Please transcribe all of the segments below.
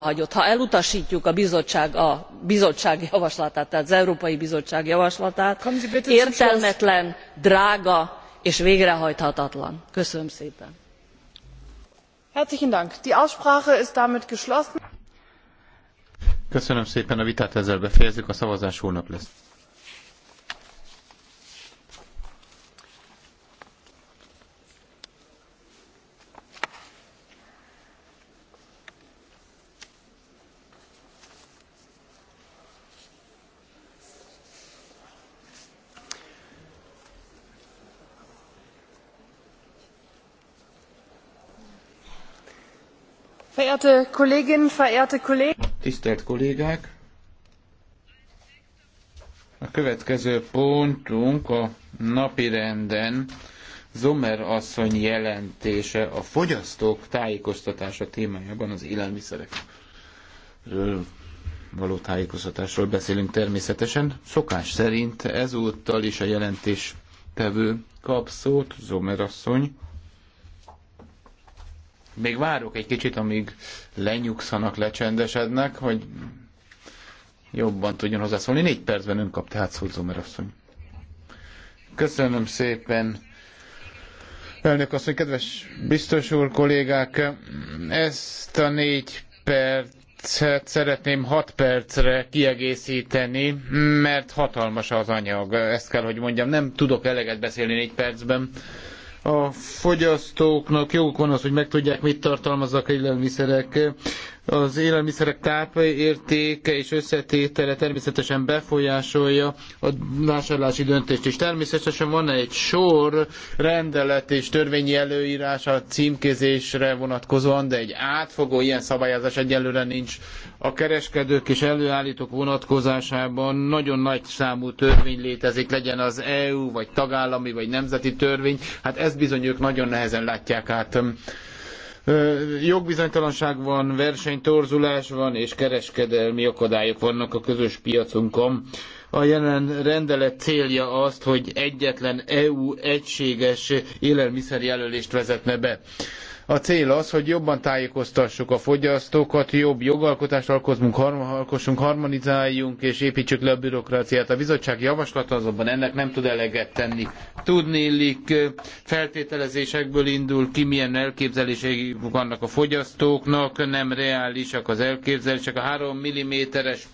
jóváhagyott ha elutastjuk a bizottság javaslatát tehát az európai bizottság javaslatát értelmetlen drága és végrehajthatatlan. köszönöm szépen! köszönöm szépen a vitát ezzel befejezzük a szavazás holnap lesz. Verehrte Kolleginnen, verehrte Kollegen! Tisztelt kollégák! A következő pontunk a napirenden Zomer asszony jelentése a fogyasztók tájékoztatása témájában az élelmiszerekről való tájékoztatásról beszélünk természetesen. Szokás szerint ezúttal is a jelentés tevő kap szót, Zomer asszony még várok egy kicsit, amíg lenyugszanak, lecsendesednek, hogy jobban tudjon hozzászólni. Négy percben ön kap, tehát szólt Zomer asszony. Köszönöm szépen. Elnök asszony, kedves biztos úr, kollégák, ezt a négy percet szeretném hat percre kiegészíteni, mert hatalmas az anyag, ezt kell, hogy mondjam. Nem tudok eleget beszélni négy percben a fogyasztóknak joguk van az, hogy megtudják, mit tartalmaznak élelmiszerek az élelmiszerek tápértéke és összetétele természetesen befolyásolja a vásárlási döntést is. Természetesen van egy sor rendelet és törvényi előírás a címkézésre vonatkozóan, de egy átfogó ilyen szabályozás egyelőre nincs. A kereskedők és előállítók vonatkozásában nagyon nagy számú törvény létezik, legyen az EU, vagy tagállami, vagy nemzeti törvény. Hát ezt bizony ők nagyon nehezen látják át jogbizonytalanság van, versenytorzulás van, és kereskedelmi akadályok vannak a közös piacunkon. A jelen rendelet célja az, hogy egyetlen EU egységes élelmiszerjelölést vezetne be. A cél az, hogy jobban tájékoztassuk a fogyasztókat, jobb jogalkotást alkozunk, alkossunk, harmonizáljunk és építsük le a bürokráciát. A bizottság javaslata azonban ennek nem tud eleget tenni. Tudnélik feltételezésekből indul ki, milyen elképzelései vannak a fogyasztóknak, nem reálisak az elképzelések. A 3 mm-es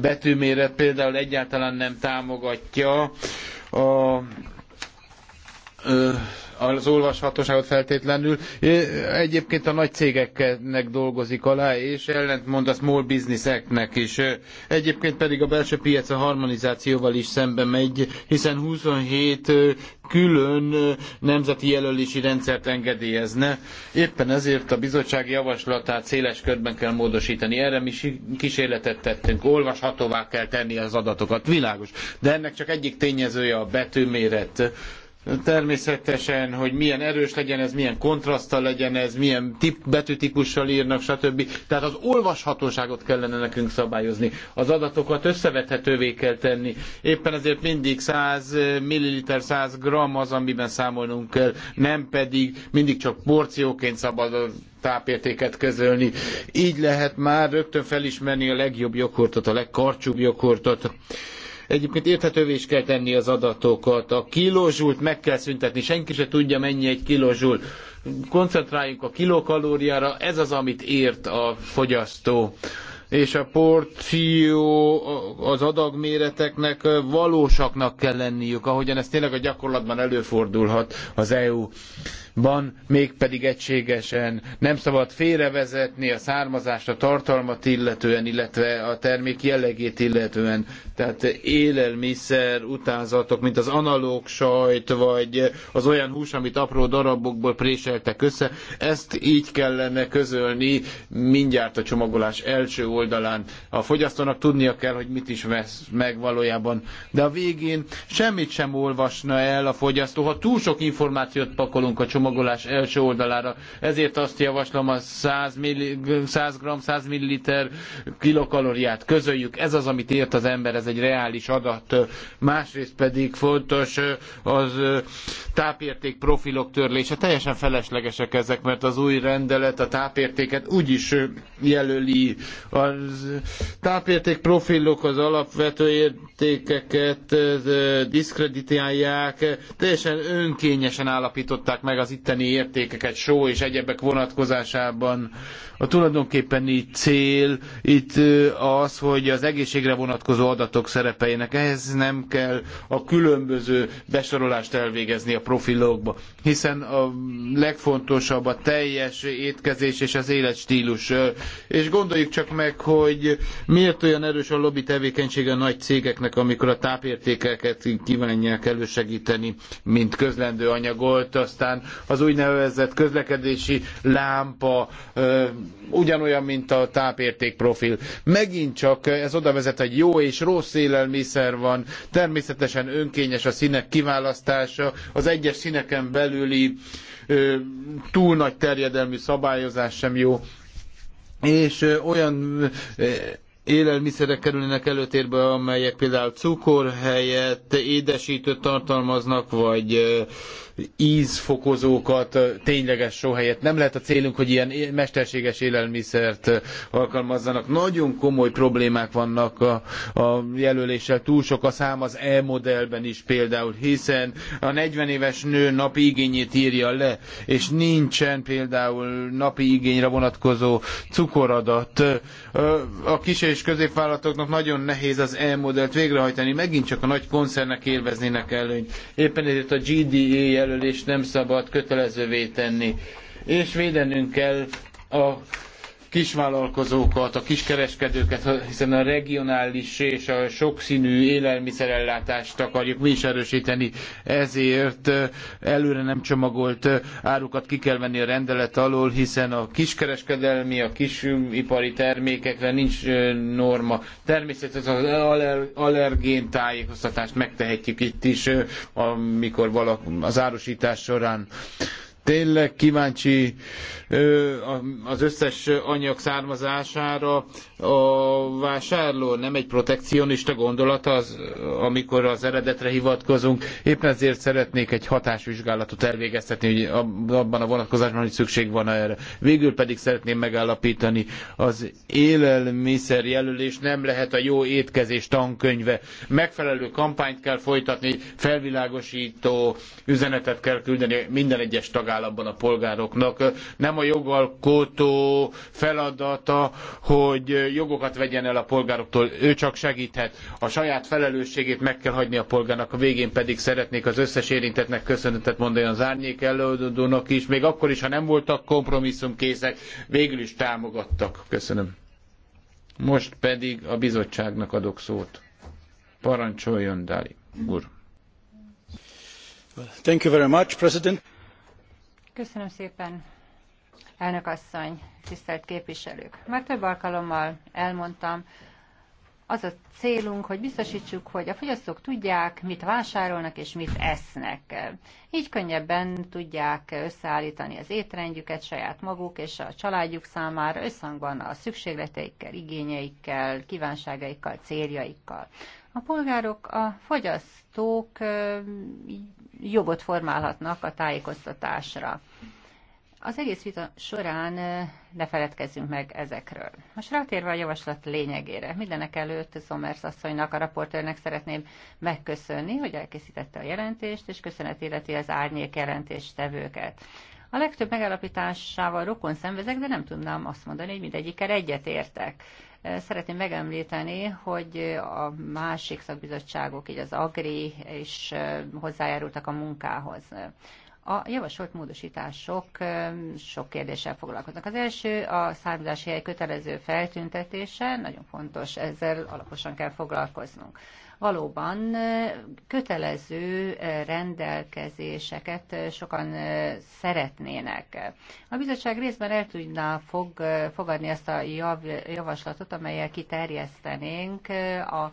betűméret például egyáltalán nem támogatja a az olvashatóságot feltétlenül. Egyébként a nagy cégeknek dolgozik alá, és ellentmond a Small Business Act-nek is. Egyébként pedig a belső piac a harmonizációval is szembe megy, hiszen 27 külön nemzeti jelölési rendszert engedélyezne. Éppen ezért a bizottság javaslatát széles körben kell módosítani. Erre mi kísérletet tettünk, olvashatóvá kell tenni az adatokat, világos. De ennek csak egyik tényezője a betűméret Természetesen, hogy milyen erős legyen ez, milyen kontraszttal legyen ez, milyen tip, betűtípussal írnak, stb. Tehát az olvashatóságot kellene nekünk szabályozni. Az adatokat összevethetővé kell tenni. Éppen ezért mindig 100 milliliter, 100 gram az, amiben számolnunk kell, nem pedig mindig csak porcióként szabad a tápértéket közölni. Így lehet már rögtön felismerni a legjobb joghurtot, a legkarcsúbb joghurtot. Egyébként érthetővé is kell tenni az adatokat. A kilozsult meg kell szüntetni, senki se tudja mennyi egy kilozsul. Koncentráljunk a kilokalóriára, ez az, amit ért a fogyasztó és a porció az adagméreteknek valósaknak kell lenniük, ahogyan ez tényleg a gyakorlatban előfordulhat az EU ban, mégpedig egységesen. Nem szabad félrevezetni a származást, a tartalmat illetően, illetve a termék jellegét illetően. Tehát élelmiszer utánzatok, mint az analóg sajt, vagy az olyan hús, amit apró darabokból préseltek össze, ezt így kellene közölni mindjárt a csomagolás első oldalán. A fogyasztónak tudnia kell, hogy mit is vesz meg valójában. De a végén semmit sem olvasna el a fogyasztó, ha túl sok információt pakolunk a csomagolásra, csomagolás első oldalára. Ezért azt javaslom a 100, milli, 100 g, 100 milliliter kilokalóriát közöljük. Ez az, amit ért az ember, ez egy reális adat. Másrészt pedig fontos az tápérték profilok törlése. Teljesen feleslegesek ezek, mert az új rendelet a tápértéket úgyis jelöli. A tápérték profilok az alapvető értékeket diszkreditálják, teljesen önkényesen állapították meg az itteni értékeket, só és egyebek vonatkozásában. A tulajdonképpen itt cél itt az, hogy az egészségre vonatkozó adatok szerepeljenek. Ehhez nem kell a különböző besorolást elvégezni a profilokba, hiszen a legfontosabb a teljes étkezés és az életstílus. És gondoljuk csak meg, hogy miért olyan erős a lobby tevékenysége a nagy cégeknek, amikor a tápértékeket kívánják elősegíteni, mint közlendő anyagot, aztán az úgynevezett közlekedési lámpa ugyanolyan, mint a tápértékprofil. Megint csak ez oda vezet, hogy jó és rossz élelmiszer van, természetesen önkényes a színek kiválasztása, az egyes színeken belüli túl nagy terjedelmű szabályozás sem jó és olyan élelmiszerek kerülnek előtérbe, amelyek például cukor helyett édesítőt tartalmaznak, vagy ízfokozókat, tényleges só helyett. Nem lehet a célunk, hogy ilyen mesterséges élelmiszert alkalmazzanak. Nagyon komoly problémák vannak a, a jelöléssel. Túl sok a szám az E-modellben is például, hiszen a 40 éves nő napi igényét írja le, és nincsen például napi igényre vonatkozó cukoradat. A kis és és középvállalatoknak nagyon nehéz az E-modellt végrehajtani, megint csak a nagy koncernek élveznének előnyt. Éppen ezért a GDA jelölést nem szabad kötelezővé tenni. És védenünk kell a kisvállalkozókat, a kiskereskedőket, hiszen a regionális és a sokszínű élelmiszerellátást akarjuk mi is erősíteni, ezért eh, előre nem csomagolt eh, árukat ki kell venni a rendelet alól, hiszen a kiskereskedelmi, a kisipari mm, termékekre nincs eh, norma. Természetesen az aller, allergén tájékoztatást megtehetjük itt is, amikor valak, az árusítás során tényleg kíváncsi az összes anyag származására a vásárló, nem egy protekcionista gondolat az, amikor az eredetre hivatkozunk. Éppen ezért szeretnék egy hatásvizsgálatot elvégeztetni, hogy abban a vonatkozásban, hogy szükség van erre. Végül pedig szeretném megállapítani, az élelmiszer jelölés nem lehet a jó étkezés tankönyve. Megfelelő kampányt kell folytatni, felvilágosító üzenetet kell küldeni minden egyes tagállamnak tagállamban a polgároknak. Nem a jogalkotó feladata, hogy jogokat vegyen el a polgároktól, ő csak segíthet. A saját felelősségét meg kell hagyni a polgárnak, a végén pedig szeretnék az összes érintetnek köszönetet mondani az árnyék előadónak is, még akkor is, ha nem voltak kompromisszumkészek, végül is támogattak. Köszönöm. Most pedig a bizottságnak adok szót. Parancsoljon, Dali úr. Thank you very much, President. Köszönöm szépen, elnök asszony, tisztelt képviselők. Már több alkalommal elmondtam, az a célunk, hogy biztosítsuk, hogy a fogyasztók tudják, mit vásárolnak és mit esznek. Így könnyebben tudják összeállítani az étrendjüket saját maguk és a családjuk számára összhangban a szükségleteikkel, igényeikkel, kívánságaikkal, céljaikkal. A polgárok, a fogyasztók jogot formálhatnak a tájékoztatásra. Az egész vita során ne feledkezzünk meg ezekről. Most rátérve a javaslat lényegére, mindenek előtt Szomers asszonynak, a raportőrnek szeretném megköszönni, hogy elkészítette a jelentést, és köszönet illeti az árnyék jelentéstevőket. A legtöbb megállapításával rokon szenvezek, de nem tudnám azt mondani, hogy mindegyikkel egyetértek. Szeretném megemlíteni, hogy a másik szakbizottságok, így az AGRI is hozzájárultak a munkához. A javasolt módosítások sok kérdéssel foglalkoznak. Az első a származási hely kötelező feltüntetése, nagyon fontos, ezzel alaposan kell foglalkoznunk valóban kötelező rendelkezéseket sokan szeretnének. A bizottság részben el tudná fog, fogadni azt a jav, javaslatot, amelyel kiterjesztenénk a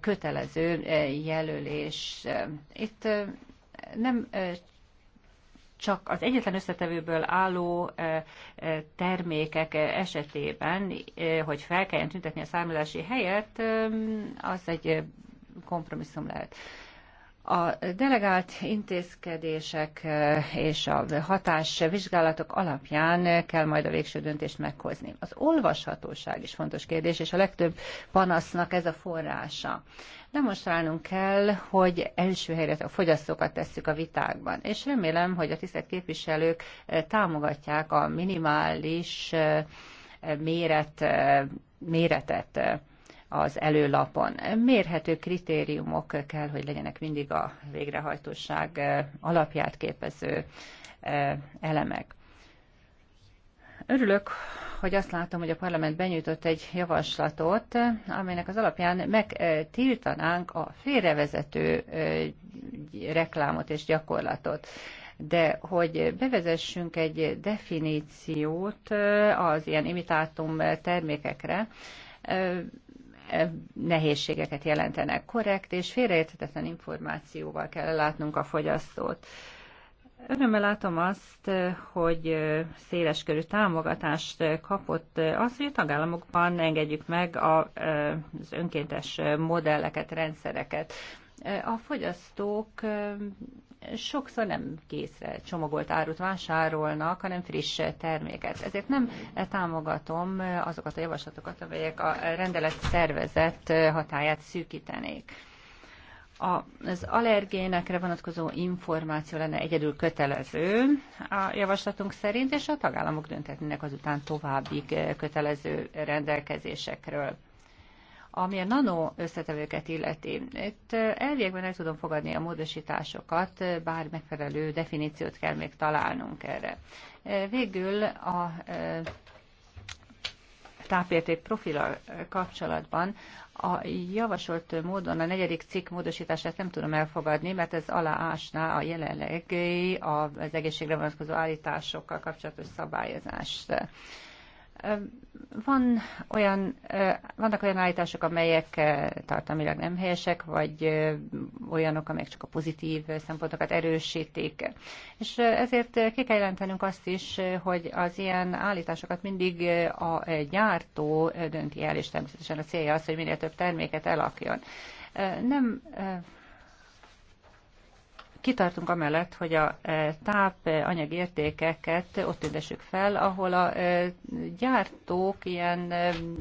kötelező jelölés. Itt nem csak az egyetlen összetevőből álló termékek esetében, hogy fel kelljen tüntetni a származási helyet, az egy kompromisszum lehet. A delegált intézkedések és a hatás vizsgálatok alapján kell majd a végső döntést meghozni. Az olvashatóság is fontos kérdés, és a legtöbb panasznak ez a forrása. Demonstrálnunk kell, hogy első helyre a fogyasztókat tesszük a vitákban, és remélem, hogy a tisztelt képviselők eh, támogatják a minimális eh, eh, méret, méretet az előlapon. Mérhető kritériumok kell, hogy legyenek mindig a végrehajtóság alapját képező elemek. Örülök, hogy azt látom, hogy a parlament benyújtott egy javaslatot, amelynek az alapján megtiltanánk a félrevezető reklámot és gyakorlatot de hogy bevezessünk egy definíciót az ilyen imitátum termékekre, e, nehézségeket jelentenek. Korrekt és félreérthetetlen információval kell látnunk a fogyasztót. Örömmel látom azt, hogy széleskörű támogatást kapott az, hogy a tagállamokban engedjük meg az önkéntes modelleket, rendszereket. A fogyasztók sokszor nem készre csomagolt árut vásárolnak, hanem friss terméket. Ezért nem támogatom azokat a javaslatokat, amelyek a rendelet szervezet hatáját szűkítenék a az allergénekre vonatkozó információ lenne egyedül kötelező a javaslatunk szerint, és a tagállamok dönthetnének azután további kötelező rendelkezésekről. Ami a nano összetevőket illeti, itt elvégben el tudom fogadni a módosításokat, bár megfelelő definíciót kell még találnunk erre. Végül a tápérték profilal kapcsolatban a javasolt módon a negyedik cikk módosítását nem tudom elfogadni, mert ez aláásná a jelenlegi az egészségre vonatkozó állításokkal kapcsolatos szabályozást. Van olyan, vannak olyan állítások, amelyek tartalmilag nem helyesek, vagy olyanok, amelyek csak a pozitív szempontokat erősítik. És ezért ki kell jelentenünk azt is, hogy az ilyen állításokat mindig a gyártó dönti el, és természetesen a célja az, hogy minél több terméket elakjon. Nem kitartunk amellett, hogy a e, tápanyag e, értékeket ott üldessük fel, ahol a e, gyártók ilyen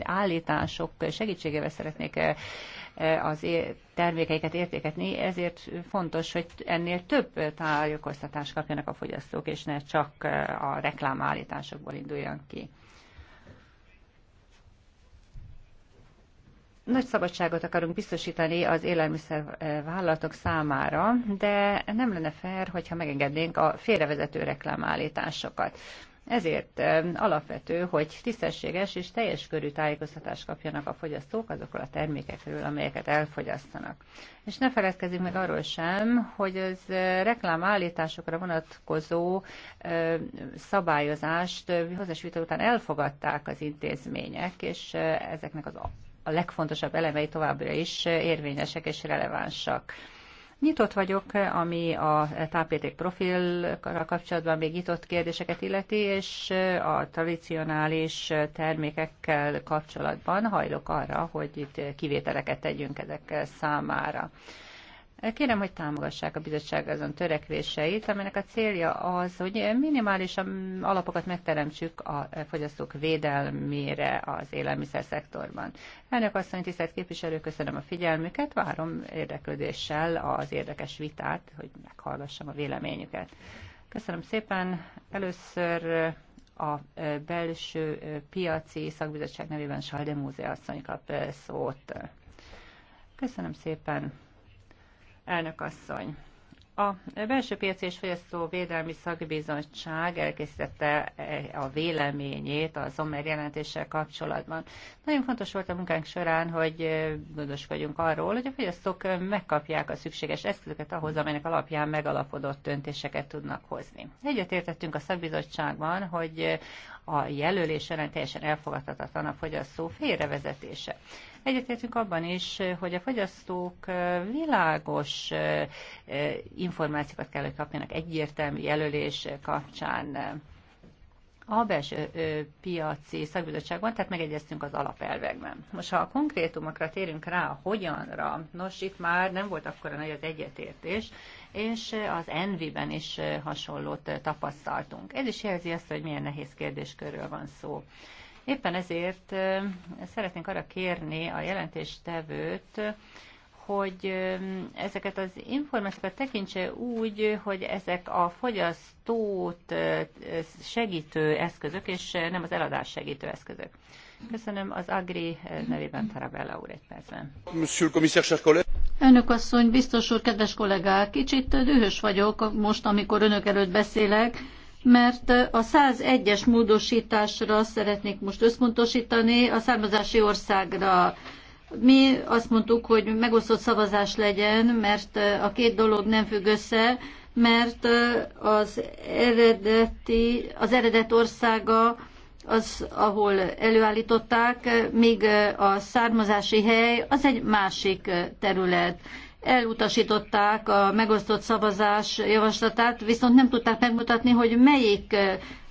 állítások segítségével szeretnék az termékeiket értéketni, ezért fontos, hogy ennél több tájékoztatást kapjanak a fogyasztók, és ne csak a reklámállításokból induljon ki. nagy szabadságot akarunk biztosítani az élelmiszervállalatok eh, számára, de nem lenne fair, hogyha megengednénk a félrevezető reklámállításokat. Ezért eh, alapvető, hogy tisztességes és teljes körű tájékoztatást kapjanak a fogyasztók azokról a termékekről, amelyeket elfogyasztanak. És ne feledkezzünk meg arról sem, hogy az eh, reklámállításokra vonatkozó szabályozást hozzásvita után elfogadták az intézmények, és ezeknek az a legfontosabb elemei továbbra is érvényesek és relevánsak. Nyitott vagyok, ami a tápérték profilra kapcsolatban még nyitott kérdéseket illeti, és a tradicionális termékekkel kapcsolatban hajlok arra, hogy itt kivételeket tegyünk ezek számára. Kérem, hogy támogassák a bizottság azon törekvéseit, amelynek a célja az, hogy minimális alapokat megteremtsük a fogyasztók védelmére az élelmiszer szektorban. Elnök asszony, tisztelt képviselő, köszönöm a figyelmüket, várom érdeklődéssel az érdekes vitát, hogy meghallgassam a véleményüket. Köszönöm szépen. Először a belső piaci szakbizottság nevében Saldemúze asszony kap szót. Köszönöm szépen. Elnök asszony, a Belső Piac és Fogyasztó Védelmi Szakbizottság elkészítette eh, a véleményét az OMER jelentéssel kapcsolatban. Nagyon fontos volt a munkánk során, hogy eh, gondoskodjunk arról, hogy a fogyasztók eh, megkapják a szükséges eszközöket ahhoz, amelynek alapján megalapodott döntéseket tudnak hozni. Egyetértettünk a szakbizottságban, hogy a jelölés során teljesen elfogadhatatlan a fogyasztó félrevezetése. Egyetértünk abban is, hogy a fogyasztók világos információkat kell, hogy kapjanak egyértelmű jelölés kapcsán a belső piaci szakbizottságban, tehát megegyeztünk az alapelvekben. Most ha a konkrétumokra térünk rá, a hogyanra, nos itt már nem volt akkora nagy az egyetértés, és az Envi-ben is hasonlót tapasztaltunk. Ez is jelzi azt, hogy milyen nehéz kérdéskörről van szó. Éppen ezért szeretnénk arra kérni a jelentéstevőt, hogy ezeket az információkat tekintse úgy, hogy ezek a fogyasztót segítő eszközök, és nem az eladás segítő eszközök. Köszönöm az Agri nevében Tarabella úr egy percben. Monsieur le commissaire, Önök asszony, biztos úr, kedves kollégák, kicsit dühös vagyok most, amikor önök előtt beszélek, mert a 101-es módosításra szeretnék most összpontosítani, a származási országra. Mi azt mondtuk, hogy megosztott szavazás legyen, mert a két dolog nem függ össze, mert az eredeti, az eredet országa az, ahol előállították, míg a származási hely az egy másik terület elutasították a megosztott szavazás javaslatát, viszont nem tudták megmutatni, hogy melyik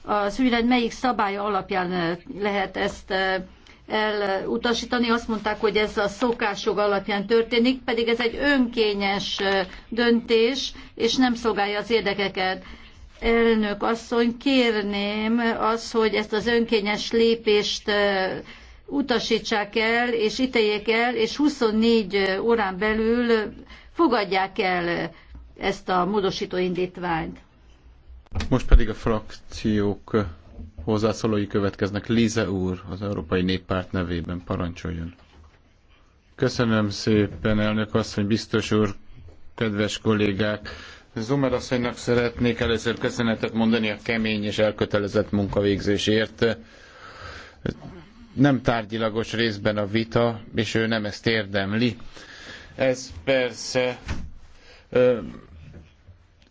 az melyik szabálya alapján lehet ezt eh, elutasítani. Azt mondták, hogy ez a szokások alapján történik, pedig ez egy önkényes eh, döntés, és nem szolgálja az érdekeket. Elnök asszony, kérném az, hogy ezt az önkényes lépést eh, utasítsák el, és ítéljék el, és 24 órán belül fogadják el ezt a módosító indítványt. Most pedig a frakciók hozzászólói következnek. Lize úr az Európai Néppárt nevében parancsoljon. Köszönöm szépen, elnök asszony, biztos úr, kedves kollégák! Zomer asszonynak szeretnék először köszönetet mondani a kemény és elkötelezett munkavégzésért nem tárgyilagos részben a vita, és ő nem ezt érdemli. Ez persze ö,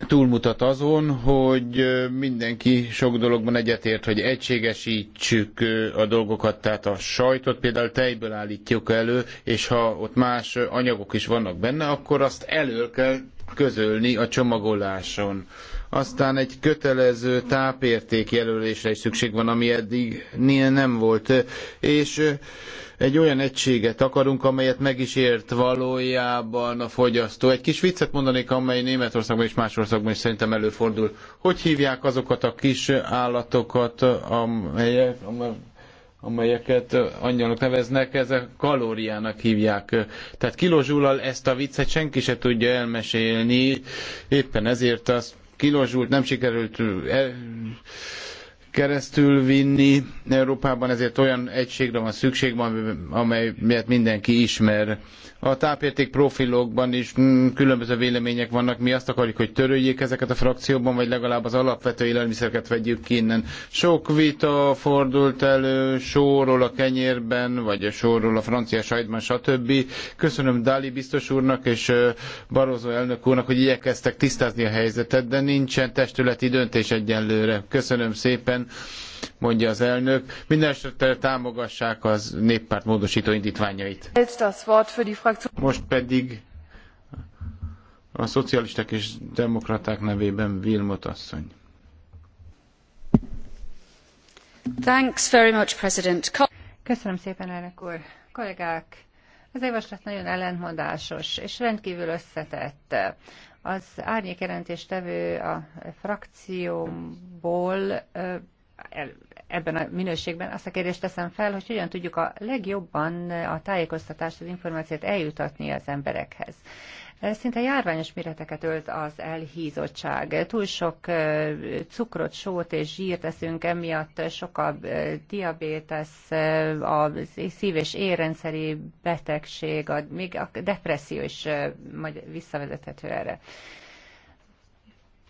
túlmutat azon, hogy mindenki sok dologban egyetért, hogy egységesítsük a dolgokat, tehát a sajtot például tejből állítjuk elő, és ha ott más anyagok is vannak benne, akkor azt elő kell közölni a csomagoláson. Aztán egy kötelező tápérték jelölésre is szükség van, ami eddig nem volt. És egy olyan egységet akarunk, amelyet meg is ért valójában a fogyasztó. Egy kis viccet mondanék, amely Németországban és más országban is szerintem előfordul. Hogy hívják azokat a kis állatokat, amelyek, amelyeket angyalok neveznek, ezek kalóriának hívják. Tehát kilozsúlal ezt a viccet senki se tudja elmesélni, éppen ezért azt kilozsult, nem sikerült e, keresztül vinni Európában, ezért olyan egységre van szükség, amelyet mindenki ismer a tápérték profilokban is mm, különböző vélemények vannak. Mi azt akarjuk, hogy töröljék ezeket a frakcióban, vagy legalább az alapvető élelmiszereket vegyük ki innen. Sok vita fordult elő sóról a kenyérben, vagy a sóról a francia sajtban, stb. Köszönöm Dali biztos úrnak és Barozó elnök úrnak, hogy igyekeztek tisztázni a helyzetet, de nincsen testületi döntés egyenlőre. Köszönöm szépen mondja az elnök. Mindenesetre támogassák az néppárt módosító indítványait. Most pedig a szocialisták és demokraták nevében Vilmot asszony. Thanks very much, President. Köszönöm szépen, elnök úr. Kollégák, az javaslat nagyon ellentmondásos és rendkívül összetett. Az árnyék jelentéstevő a frakcióból ebben a minőségben azt a kérdést teszem fel, hogy hogyan tudjuk a legjobban a tájékoztatást, az információt eljutatni az emberekhez. Szinte járványos méreteket ölt az elhízottság. Túl sok cukrot, sót és zsírt eszünk, emiatt sok a diabétesz, a szív- és érrendszeri betegség, a, még a depresszió is visszavezethető erre.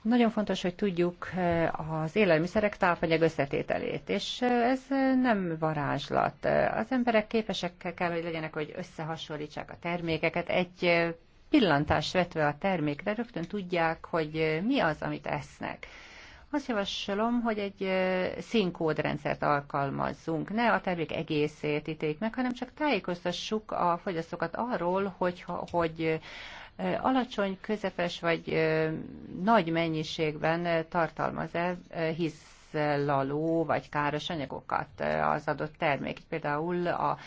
Nagyon fontos, hogy tudjuk eh, az élelmiszerek tápanyag összetételét, és eh, ez eh, nem varázslat. Az emberek képesek kell, hogy legyenek, hogy összehasonlítsák a termékeket. Egy pillantást vetve a termékre rögtön tudják, hogy mi az, amit esznek. Azt javaslom, hogy egy színkódrendszert alkalmazzunk. Ne a termék egészét ítéljük meg, hanem csak tájékoztassuk a fogyasztókat arról, hogy, hogy alacsony, közepes vagy nagy mennyiségben tartalmaz ez, hiszlaló vagy káros anyagokat az adott termék. Például a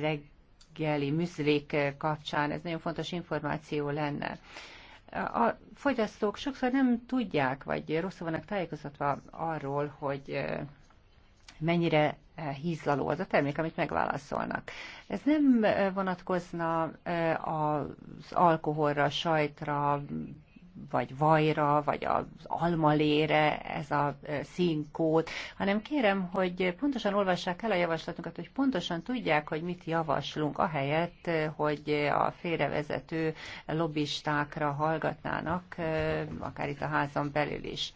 reggeli műzlék kapcsán ez nagyon fontos információ lenne a fogyasztók sokszor nem tudják, vagy rosszul vannak tájékozatva arról, hogy mennyire hízlaló az a termék, amit megválaszolnak. Ez nem vonatkozna az alkoholra, sajtra, vagy vajra, vagy az almalére, ez a színkód, hanem kérem, hogy pontosan olvassák el a javaslatunkat, hogy pontosan tudják, hogy mit javaslunk, ahelyett, hogy a félrevezető lobbistákra hallgatnának, akár itt a házon belül is.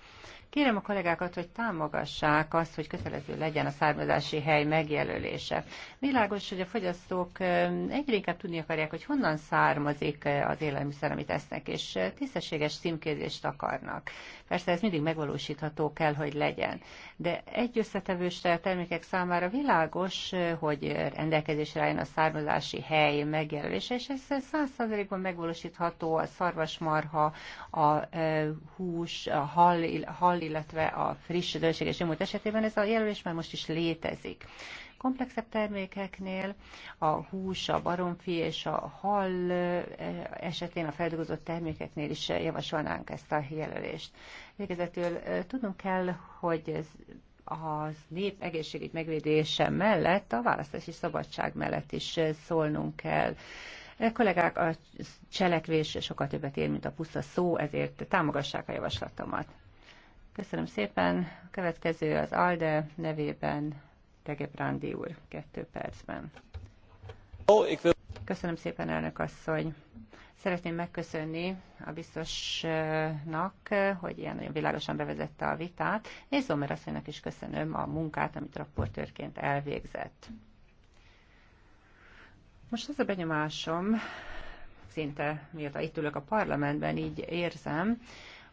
Kérem a kollégákat, hogy támogassák azt, hogy kötelező legyen a származási hely megjelölése. Világos, hogy a fogyasztók egyre inkább tudni akarják, hogy honnan származik az élelmiszer, amit esznek, és tisztességes címkézést akarnak. Persze ez mindig megvalósítható kell, hogy legyen. De egy összetevős termékek számára világos, hogy rendelkezésre álljon a származási hely megjelölése, és ez százszerzelékben megvalósítható a szarvasmarha, a hús, a hal, hal illetve a friss zöldséges és esetében ez a jelölés már most is létezik. Komplexebb termékeknél a hús, a baromfi és a hal eh, esetén a feldolgozott termékeknél is javasolnánk ezt a jelölést. Végezetül eh, tudnunk kell, hogy ez az nép egészségügy megvédése mellett a választási szabadság mellett is eh, szólnunk kell. Kollégák, a cselekvés sokkal többet ér, mint a puszta szó, ezért támogassák a javaslatomat. Köszönöm szépen. A következő az ALDE nevében Tegebrandi úr, kettő percben. Köszönöm szépen, elnök asszony. Szeretném megköszönni a biztosnak, hogy ilyen nagyon világosan bevezette a vitát, és Zomer asszonynak is köszönöm a munkát, amit raportőrként elvégzett. Most az a benyomásom, szinte mióta itt ülök a parlamentben, így érzem,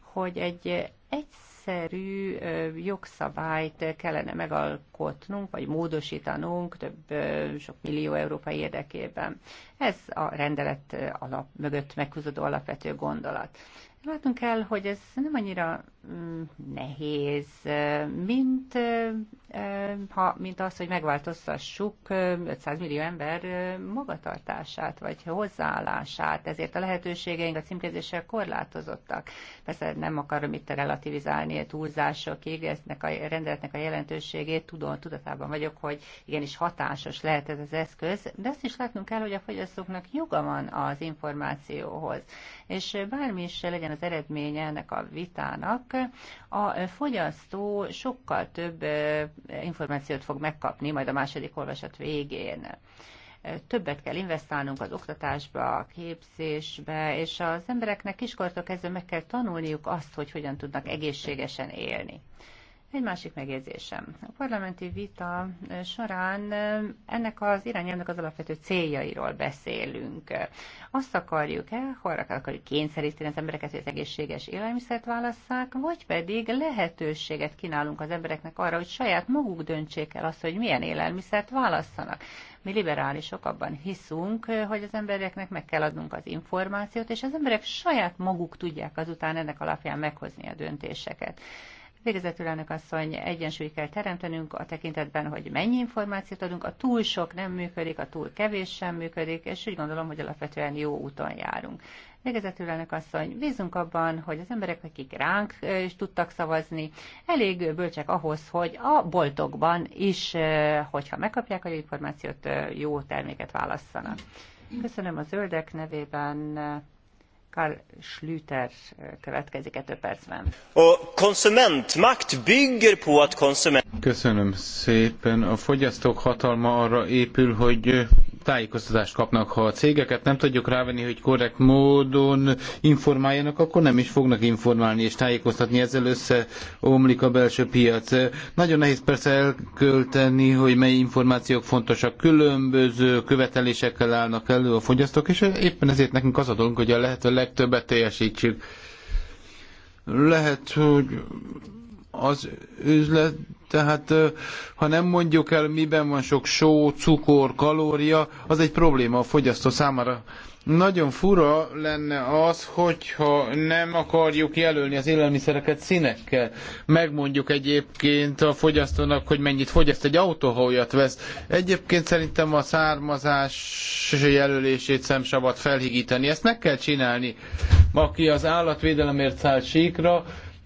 hogy egy egyszerű egyszerű jogszabályt kellene megalkotnunk, vagy módosítanunk több sok millió európai érdekében. Ez a rendelet alap, mögött meghúzódó alapvető gondolat. Látunk el, hogy ez nem annyira nehéz, mint, ha, mint az, hogy megváltoztassuk 500 millió ember magatartását, vagy hozzáállását. Ezért a lehetőségeink a címkézéssel korlátozottak. Persze nem akarom itt relativizálni a túlzásokig, eznek a rendeletnek a jelentőségét tudom, tudatában vagyok, hogy igenis hatásos lehet ez az eszköz, de azt is látnunk kell, hogy a fogyasztóknak joga van az információhoz. És bármi is legyen az eredménye ennek a vitának, a fogyasztó sokkal több információt fog megkapni majd a második olvasat végén többet kell investálnunk az oktatásba, a képzésbe, és az embereknek kiskortól kezdve meg kell tanulniuk azt, hogy hogyan tudnak egészségesen élni. Egy másik megjegyzésem. A parlamenti vita során ennek az irányelvnek az alapvető céljairól beszélünk. Azt akarjuk-e, arra akarjuk kényszeríteni az embereket, hogy az egészséges élelmiszert válasszák, vagy pedig lehetőséget kínálunk az embereknek arra, hogy saját maguk döntsék el azt, hogy milyen élelmiszert válasszanak. Mi liberálisok abban hiszünk, hogy az embereknek meg kell adnunk az információt, és az emberek saját maguk tudják azután ennek alapján meghozni a döntéseket. Végezetül elnök asszony, egyensúly kell teremtenünk a tekintetben, hogy mennyi információt adunk, a túl sok nem működik, a túl kevés sem működik, és úgy gondolom, hogy alapvetően jó úton járunk. Végezetül elnök asszony, bízunk abban, hogy az emberek, akik ránk is tudtak szavazni, elég bölcsek ahhoz, hogy a boltokban is, hogyha megkapják a információt, jó terméket válasszanak. Köszönöm a zöldek nevében. Karl Schlüter következik egy percben. A konsumentmakt bygger på att konsument... Köszönöm szépen. A fogyasztók hatalma arra épül, hogy tájékoztatást kapnak. Ha a cégeket nem tudjuk rávenni, hogy korrekt módon informáljanak, akkor nem is fognak informálni és tájékoztatni. Ezzel összeomlik a belső piac. Nagyon nehéz persze elkölteni, hogy mely információk fontosak. Különböző követelésekkel állnak elő a fogyasztók, és éppen ezért nekünk az a dolgunk, hogy a lehető leg többet teljesítsük. Lehet, hogy az üzlet, tehát ha nem mondjuk el, miben van sok só, cukor, kalória, az egy probléma a fogyasztó számára. Nagyon fura lenne az, hogyha nem akarjuk jelölni az élelmiszereket színekkel. Megmondjuk egyébként a fogyasztónak, hogy mennyit fogyaszt egy autó, ha olyat vesz. Egyébként szerintem a származás jelölését sem szabad felhigítani. Ezt meg kell csinálni. Aki az állatvédelemért száll síkra,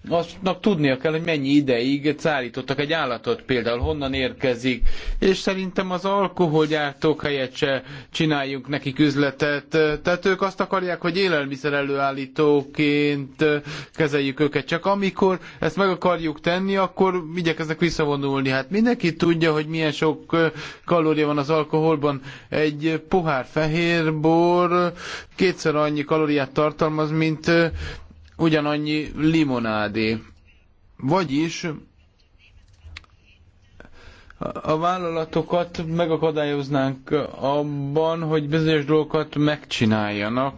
aztnak tudnia kell, hogy mennyi ideig szállítottak egy állatot például, honnan érkezik, és szerintem az alkoholgyártók helyett se csináljunk nekik üzletet, tehát ők azt akarják, hogy élelmiszer előállítóként kezeljük őket, csak amikor ezt meg akarjuk tenni, akkor igyekeznek visszavonulni. Hát mindenki tudja, hogy milyen sok kalória van az alkoholban. Egy pohár fehér bor kétszer annyi kalóriát tartalmaz, mint ugyanannyi limonádé. Vagyis a vállalatokat megakadályoznánk abban, hogy bizonyos dolgokat megcsináljanak.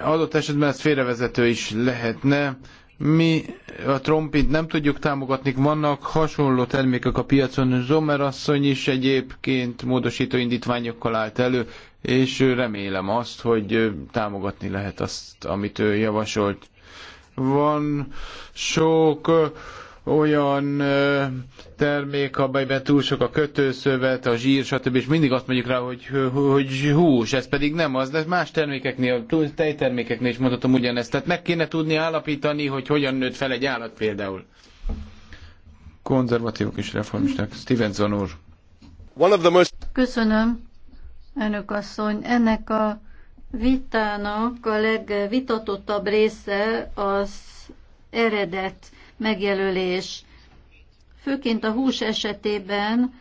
Adott esetben ez félrevezető is lehetne. Mi a trompit nem tudjuk támogatni, vannak hasonló termékek a piacon. Zomer asszony is egyébként módosító indítványokkal állt elő és remélem azt, hogy támogatni lehet azt, amit ő javasolt. Van sok olyan termék, amelyben túl sok a kötőszövet, a zsír, stb. És mindig azt mondjuk rá, hogy, hogy hús, ez pedig nem az, de más termékeknél, tejtermékeknél is mondhatom ugyanezt. Tehát meg kéne tudni állapítani, hogy hogyan nőtt fel egy állat például. Konzervatívok és reformisták. Stevenson úr. Köszönöm. Elnök asszony, ennek a vitának a legvitatottabb része az eredet megjelölés. Főként a hús esetében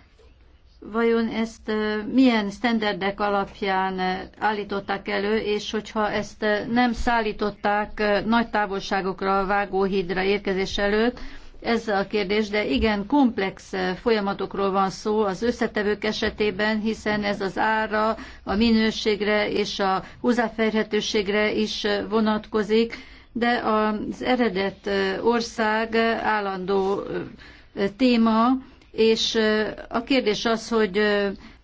vajon ezt milyen sztenderdek alapján állították elő, és hogyha ezt nem szállították nagy távolságokra a vágóhídra érkezés előtt, ez a kérdés, de igen, komplex eh, folyamatokról van szó az összetevők esetében, hiszen ez az ára, a minőségre és a hozzáférhetőségre is eh, vonatkozik, de az eredet eh, ország állandó téma, és a kérdés az, hogy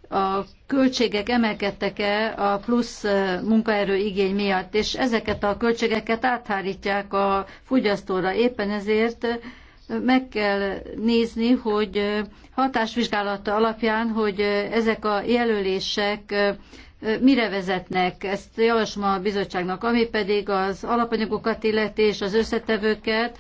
a költségek emelkedtek-e a plusz munkaerő igény miatt, és ezeket a költségeket áthárítják a fogyasztóra. Éppen ezért meg kell nézni, hogy hatásvizsgálata alapján, hogy ezek a jelölések mire vezetnek. Ezt javaslom a bizottságnak, ami pedig az alapanyagokat illeti és az összetevőket.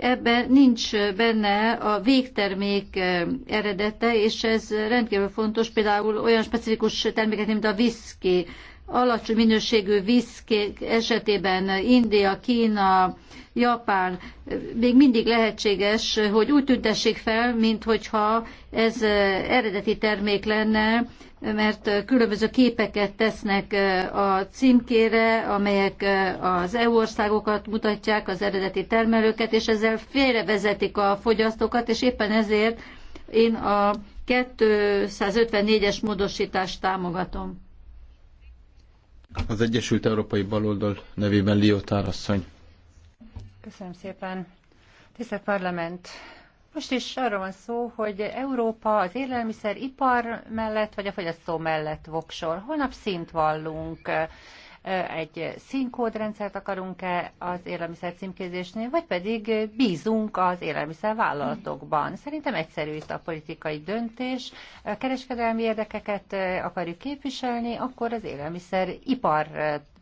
Ebben nincs benne a végtermék eredete, és ez rendkívül fontos, például olyan specifikus terméket, mint a viszki, alacsony minőségű viszki esetében India, Kína, Japán. Még mindig lehetséges, hogy úgy tüntessék fel, minthogyha ez eh, eredeti termék lenne, mert eh, különböző képeket tesznek eh, a címkére, amelyek az EU országokat mutatják, az eredeti termelőket, és ezzel félrevezetik a fogyasztókat, és éppen ezért én a 254-es módosítást támogatom. Az Egyesült Európai Baloldal nevében Liotár asszony. Köszönöm szépen. Tisztelt Parlament! Most is arról van szó, hogy Európa az élelmiszeripar mellett, vagy a fogyasztó mellett voksol. Holnap szint vallunk egy színkódrendszert akarunk-e az élelmiszer címkézésnél, vagy pedig bízunk az élelmiszervállalatokban. Szerintem egyszerű itt a politikai döntés. A kereskedelmi érdekeket akarjuk képviselni, akkor az élelmiszeripar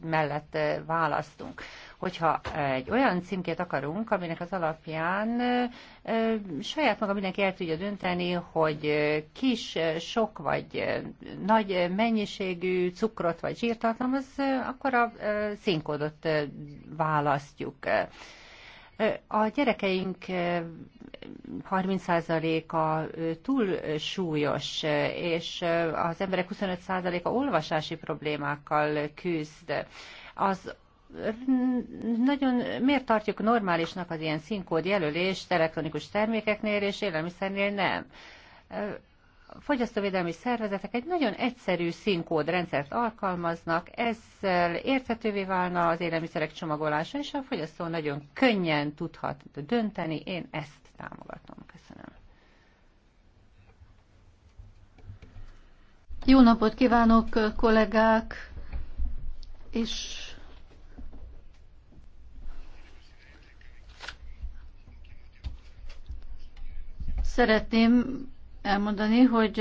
mellett választunk hogyha egy olyan címkét akarunk, aminek az alapján saját maga mindenki el tudja dönteni, hogy kis, sok vagy nagy mennyiségű cukrot vagy zsírt tartalmaz, akkor a színkódot választjuk. A gyerekeink 30%-a túl súlyos, és az emberek 25%-a olvasási problémákkal küzd. Az nagyon, miért tartjuk normálisnak az ilyen színkód jelölést elektronikus termékeknél és élelmiszernél nem? A fogyasztóvédelmi szervezetek egy nagyon egyszerű színkód rendszert alkalmaznak, ezzel érthetővé válna az élelmiszerek csomagolása, és a fogyasztó nagyon könnyen tudhat dönteni. Én ezt támogatom. Köszönöm. Jó napot kívánok, kollégák! És Szeretném elmondani, hogy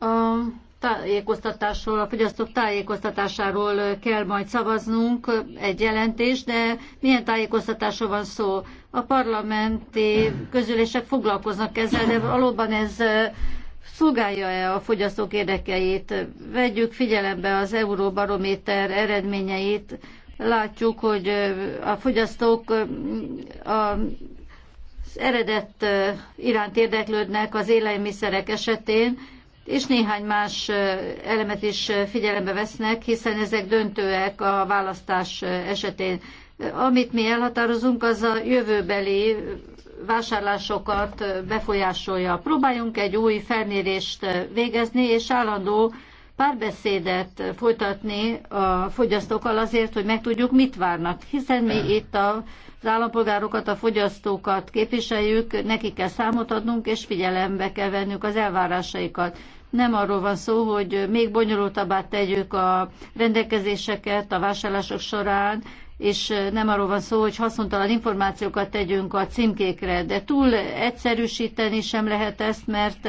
a tájékoztatásról, a fogyasztók tájékoztatásáról kell majd szavaznunk egy jelentést, de milyen tájékoztatásról van szó? A parlamenti közülések foglalkoznak ezzel, de valóban ez szolgálja-e a fogyasztók érdekeit? Vegyük figyelembe az Euróbarométer eredményeit, látjuk, hogy a fogyasztók a eredet iránt érdeklődnek az élelmiszerek esetén, és néhány más elemet is figyelembe vesznek, hiszen ezek döntőek a választás esetén. Amit mi elhatározunk, az a jövőbeli vásárlásokat befolyásolja. Próbáljunk egy új felmérést végezni, és állandó párbeszédet folytatni a fogyasztókkal azért, hogy megtudjuk, mit várnak, hiszen mi itt a az állampolgárokat, a fogyasztókat képviseljük, nekik kell számot adnunk, és figyelembe kell vennünk az elvárásaikat. Nem arról van szó, hogy még bonyolultabbá tegyük a rendelkezéseket a vásárlások során, és nem arról van szó, hogy haszontalan információkat tegyünk a címkékre, de túl egyszerűsíteni sem lehet ezt, mert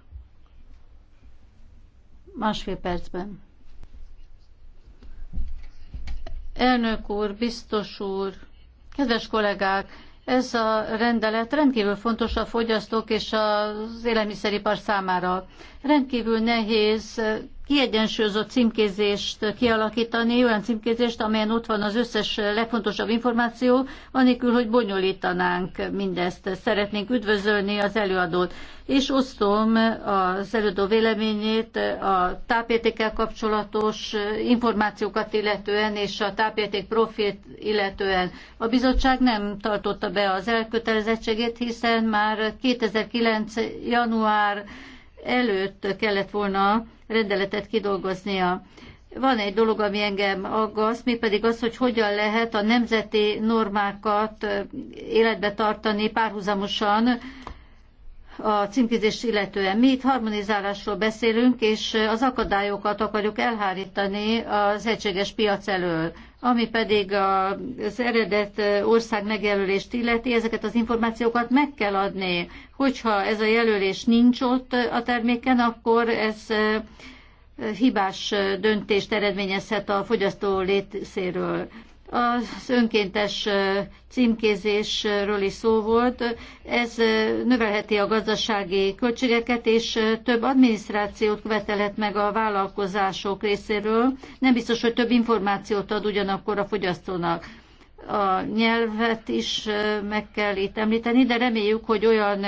Másfél percben. Elnök úr, biztos úr, kedves kollégák, ez a rendelet rendkívül fontos a fogyasztók és az élelmiszeripar számára. Rendkívül nehéz kiegyensúlyozott címkézést kialakítani, olyan címkézést, amelyen ott van az összes legfontosabb információ, anélkül, hogy bonyolítanánk mindezt. Szeretnénk üdvözölni az előadót. És osztom az előadó véleményét a tápértékkel kapcsolatos információkat illetően, és a tápérték profilt illetően. A bizottság nem tartotta be az elkötelezettségét, hiszen már 2009. január előtt kellett volna rendeletet kidolgoznia. Van egy dolog, ami engem aggaszt, mégpedig az, hogy hogyan lehet a nemzeti normákat életbe tartani párhuzamosan a címkézést illetően. Mi itt harmonizálásról beszélünk, és az akadályokat akarjuk elhárítani az egységes piac elől. Ami pedig az eredet ország megjelölést illeti, ezeket az információkat meg kell adni. Hogyha ez a jelölés nincs ott a terméken, akkor ez hibás döntést eredményezhet a fogyasztó létszéről. Az önkéntes címkézésről is szó volt. Ez növelheti a gazdasági költségeket, és több adminisztrációt követelhet meg a vállalkozások részéről. Nem biztos, hogy több információt ad ugyanakkor a fogyasztónak a nyelvet is meg kell itt említeni, de reméljük, hogy olyan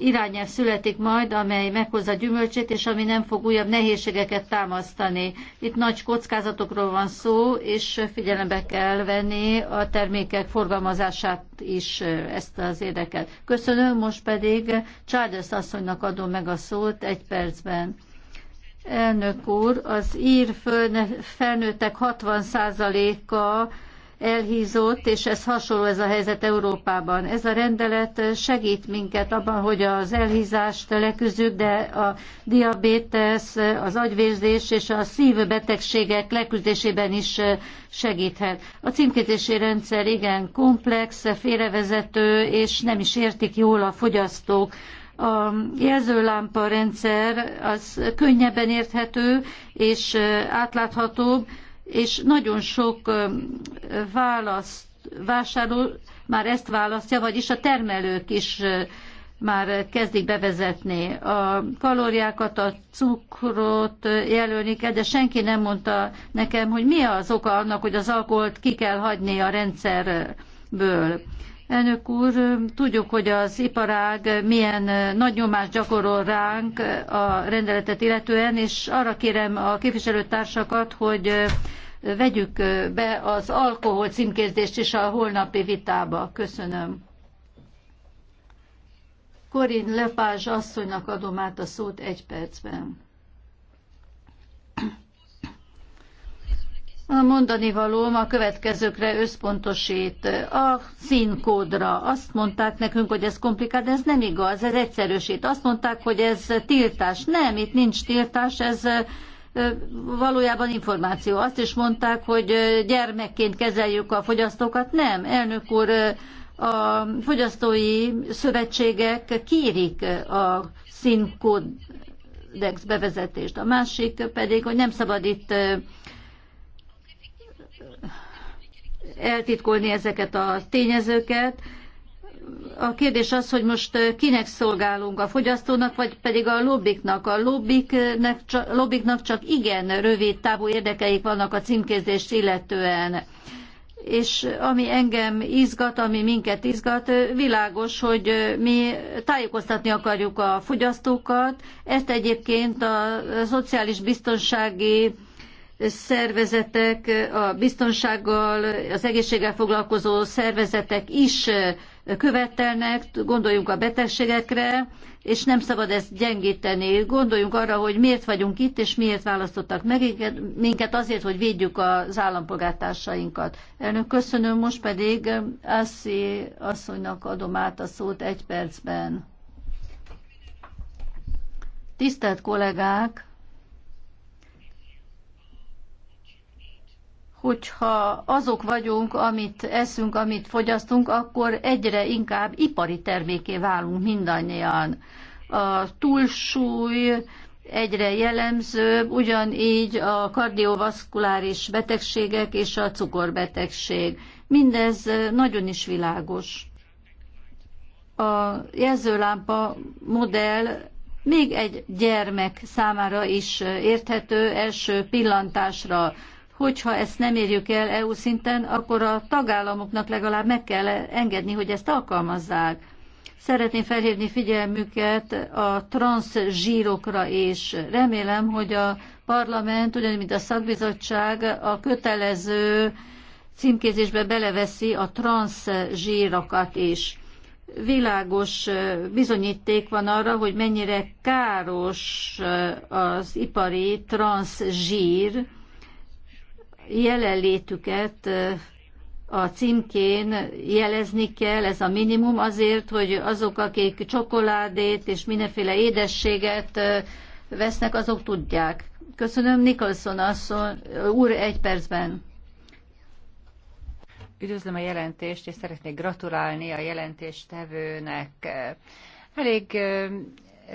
irányel születik majd, amely meghozza gyümölcsét, és ami nem fog újabb nehézségeket támasztani. Itt nagy kockázatokról van szó, és figyelembe kell venni a termékek forgalmazását is ezt az érdeket. Köszönöm, most pedig Charles asszonynak adom meg a szót egy percben. Elnök úr, az ír felnőttek 60%-a elhízott, és ez hasonló ez a helyzet Európában. Ez a rendelet segít minket abban, hogy az elhízást leküzdjük, de a diabétesz, az agyvérzés és a szívbetegségek leküzdésében is segíthet. A címkézési rendszer igen komplex, félrevezető, és nem is értik jól a fogyasztók a jelzőlámpa rendszer az könnyebben érthető és átláthatóbb, és nagyon sok választ, vásárló már ezt választja, vagyis a termelők is már kezdik bevezetni. A kalóriákat, a cukrot jelölni kell, de senki nem mondta nekem, hogy mi az oka annak, hogy az alkoholt ki kell hagyni a rendszerből. Elnök úr, tudjuk, hogy az iparág milyen nagy nyomást gyakorol ránk a rendeletet illetően, és arra kérem a képviselőtársakat, hogy vegyük be az alkohol címkézést is a holnapi vitába. Köszönöm. Korin Lepázs asszonynak adom át a szót egy percben. mondani valóm a következőkre összpontosít. A színkódra. Azt mondták nekünk, hogy ez komplikált, de ez nem igaz, ez egyszerűsít. Azt mondták, hogy ez tiltás. Nem, itt nincs tiltás, ez valójában információ. Azt is mondták, hogy gyermekként kezeljük a fogyasztókat. Nem, elnök úr, a fogyasztói szövetségek kérik a színkód bevezetést. A másik pedig, hogy nem szabad itt eltitkolni ezeket a tényezőket. A kérdés az, hogy most kinek szolgálunk, a fogyasztónak, vagy pedig a lobbiknak. A lobbiknak csak igen rövid távú érdekeik vannak a címkézést illetően és ami engem izgat, ami minket izgat, világos, hogy mi tájékoztatni akarjuk a fogyasztókat. Ezt egyébként a szociális biztonsági szervezetek, a biztonsággal, az egészséggel foglalkozó szervezetek is követelnek, gondoljunk a betegségekre, és nem szabad ezt gyengíteni. Gondoljunk arra, hogy miért vagyunk itt, és miért választottak meg minket, azért, hogy védjük az állampolgártársainkat. Elnök, köszönöm, most pedig Asszi asszonynak adom át a szót egy percben. Tisztelt kollégák! hogyha azok vagyunk, amit eszünk, amit fogyasztunk, akkor egyre inkább ipari terméké válunk mindannyian. A túlsúly egyre jellemzőbb, ugyanígy a kardiovaszkuláris betegségek és a cukorbetegség. Mindez nagyon is világos. A jelzőlámpa modell még egy gyermek számára is érthető első pillantásra Hogyha ezt nem érjük el EU szinten, akkor a tagállamoknak legalább meg kell engedni, hogy ezt alkalmazzák. Szeretném felhívni figyelmüket a transzsírokra és Remélem, hogy a parlament, ugyanúgy mint a szakbizottság a kötelező címkézésbe beleveszi a transzsírokat is. Világos bizonyíték van arra, hogy mennyire káros az ipari transzsír, jelenlétüket a címkén jelezni kell, ez a minimum azért, hogy azok, akik csokoládét és mindenféle édességet vesznek, azok tudják. Köszönöm, Nikolson asszony, úr egy percben. Üdvözlöm a jelentést, és szeretnék gratulálni a jelentéstevőnek. Elég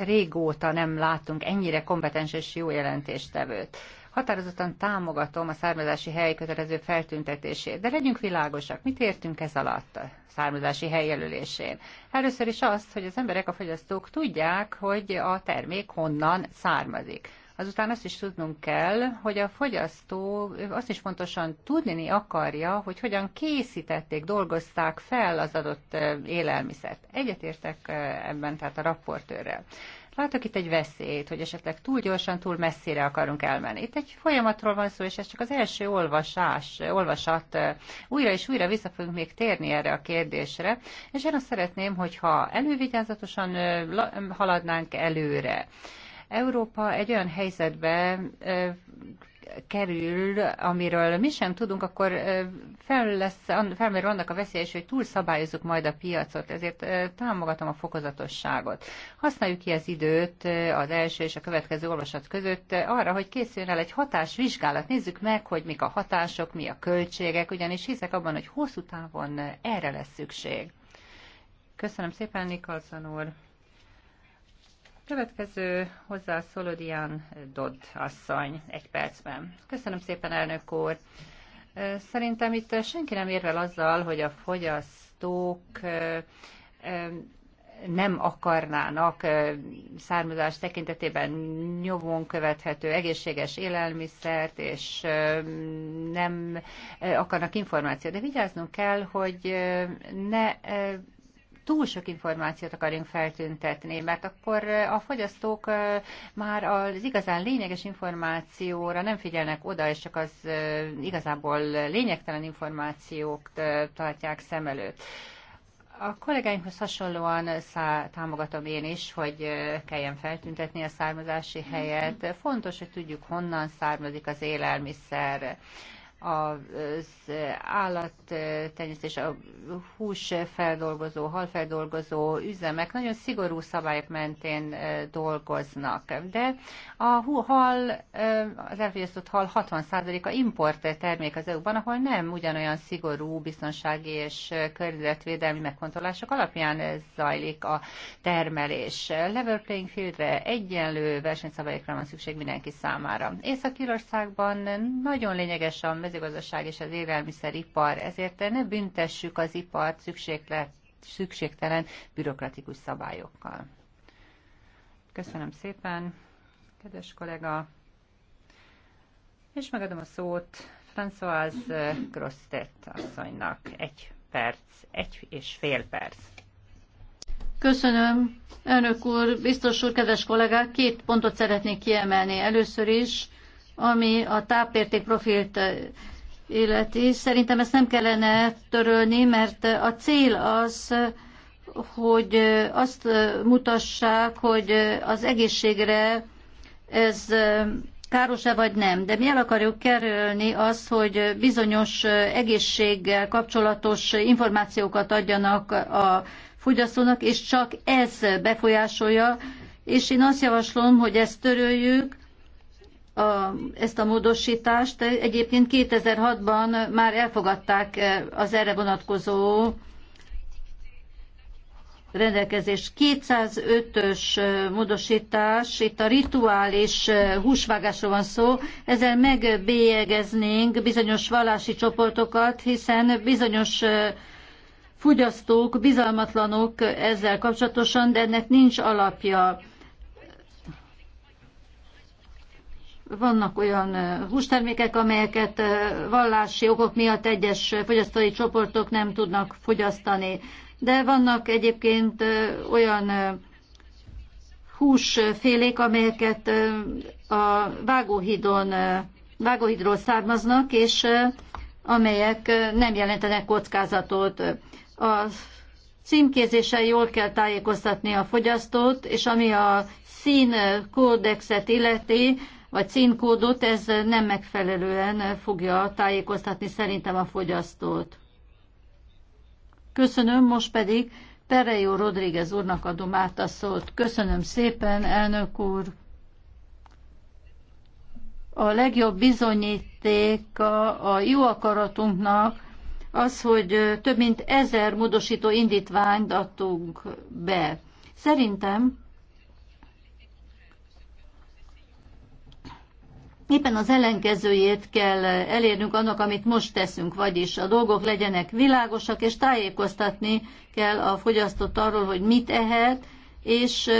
régóta nem látunk ennyire kompetens és jó jelentéstevőt. Határozottan támogatom a származási hely kötelező feltüntetését, de legyünk világosak, mit értünk ez alatt a származási hely jelölésén. Először is azt, hogy az emberek, a fogyasztók tudják, hogy a termék honnan származik. Azután azt is tudnunk kell, hogy a fogyasztó azt is pontosan tudni akarja, hogy hogyan készítették, dolgozták fel az adott eh, élelmiszert. Egyetértek eh, ebben, tehát a rapportőrrel. Látok itt egy veszélyt, hogy esetleg túl gyorsan, túl messzire akarunk elmenni. Itt egy folyamatról van szó, és ez csak az első olvasás, olvasat. Újra és újra vissza fogunk még térni erre a kérdésre, és én azt szeretném, hogyha elővigyázatosan haladnánk előre. Európa egy olyan helyzetbe kerül, amiről mi sem tudunk, akkor fel lesz, felmerül annak a veszélye hogy túl szabályozunk majd a piacot, ezért támogatom a fokozatosságot. Használjuk ki az időt az első és a következő olvasat között arra, hogy készüljön el egy hatásvizsgálat. Nézzük meg, hogy mik a hatások, mi a költségek, ugyanis hiszek abban, hogy hosszú távon erre lesz szükség. Köszönöm szépen, Nikolson úr! Következő hozzá Dian Dodd asszony, egy percben. Köszönöm szépen, elnök úr. Szerintem itt senki nem érvel azzal, hogy a fogyasztók nem akarnának származás tekintetében nyomon követhető egészséges élelmiszert, és nem akarnak információt. De vigyáznunk kell, hogy ne túl sok információt akarjunk feltüntetni, mert akkor eh, a fogyasztók eh, már az igazán lényeges információra nem figyelnek oda, és csak az eh, igazából lényegtelen információk tartják szem előtt. A kollégáinkhoz hasonlóan szá- támogatom én is, hogy kelljen feltüntetni a származási helyet. Fontos, hogy tudjuk, honnan származik az élelmiszer az állattenyésztés, a húsfeldolgozó, halfeldolgozó üzemek nagyon szigorú szabályok mentén dolgoznak. De a hal, az elfogyasztott hal 60%-a import termék az EU-ban, ahol nem ugyanolyan szigorú biztonsági és környezetvédelmi megfontolások alapján zajlik a termelés. Level playing fieldre egyenlő versenyszabályokra van szükség mindenki számára. Észak-Írországban nagyon lényeges a mezőgazdaság és az élelmiszeripar, ezért ne büntessük az ipart szükségtelen bürokratikus szabályokkal. Köszönöm szépen, kedves kollega. És megadom a szót François Grosztet asszonynak. Egy perc, egy és fél perc. Köszönöm, elnök úr, biztos úr, kedves kollégák, két pontot szeretnék kiemelni. Először is ami a tápérték profilt illeti, szerintem ezt nem kellene törölni, mert a cél az, hogy azt mutassák, hogy az egészségre ez káros-e vagy nem, de mi el akarjuk kerülni azt, hogy bizonyos egészséggel kapcsolatos információkat adjanak a fogyasztónak, és csak ez befolyásolja, és én azt javaslom, hogy ezt töröljük, a, ezt a módosítást. Egyébként 2006-ban már elfogadták eh, az erre vonatkozó rendelkezés. 205-ös eh, módosítás, itt a rituális eh, húsvágásról van szó, ezzel megbélyegeznénk bizonyos vallási csoportokat, hiszen bizonyos fogyasztók bizalmatlanok ezzel kapcsolatosan, de ennek nincs alapja. Vannak olyan hústermékek, amelyeket vallási okok miatt egyes fogyasztói csoportok nem tudnak fogyasztani. De vannak egyébként olyan húsfélék, amelyeket a vágóhidon, vágóhidról származnak, és amelyek nem jelentenek kockázatot. A címkézéssel jól kell tájékoztatni a fogyasztót, és ami a szín kódexet illeti, vagy színkódot ez nem megfelelően fogja tájékoztatni szerintem a fogyasztót. Köszönöm, most pedig Perejó Rodríguez úrnak adom át a szót. Köszönöm szépen, elnök úr! A legjobb bizonyítéka a jó akaratunknak az, hogy több mint ezer módosító indítványt adtunk be. Szerintem Éppen az ellenkezőjét kell elérnünk annak, amit most teszünk, vagyis a dolgok legyenek világosak, és tájékoztatni kell a fogyasztót arról, hogy mit ehet, és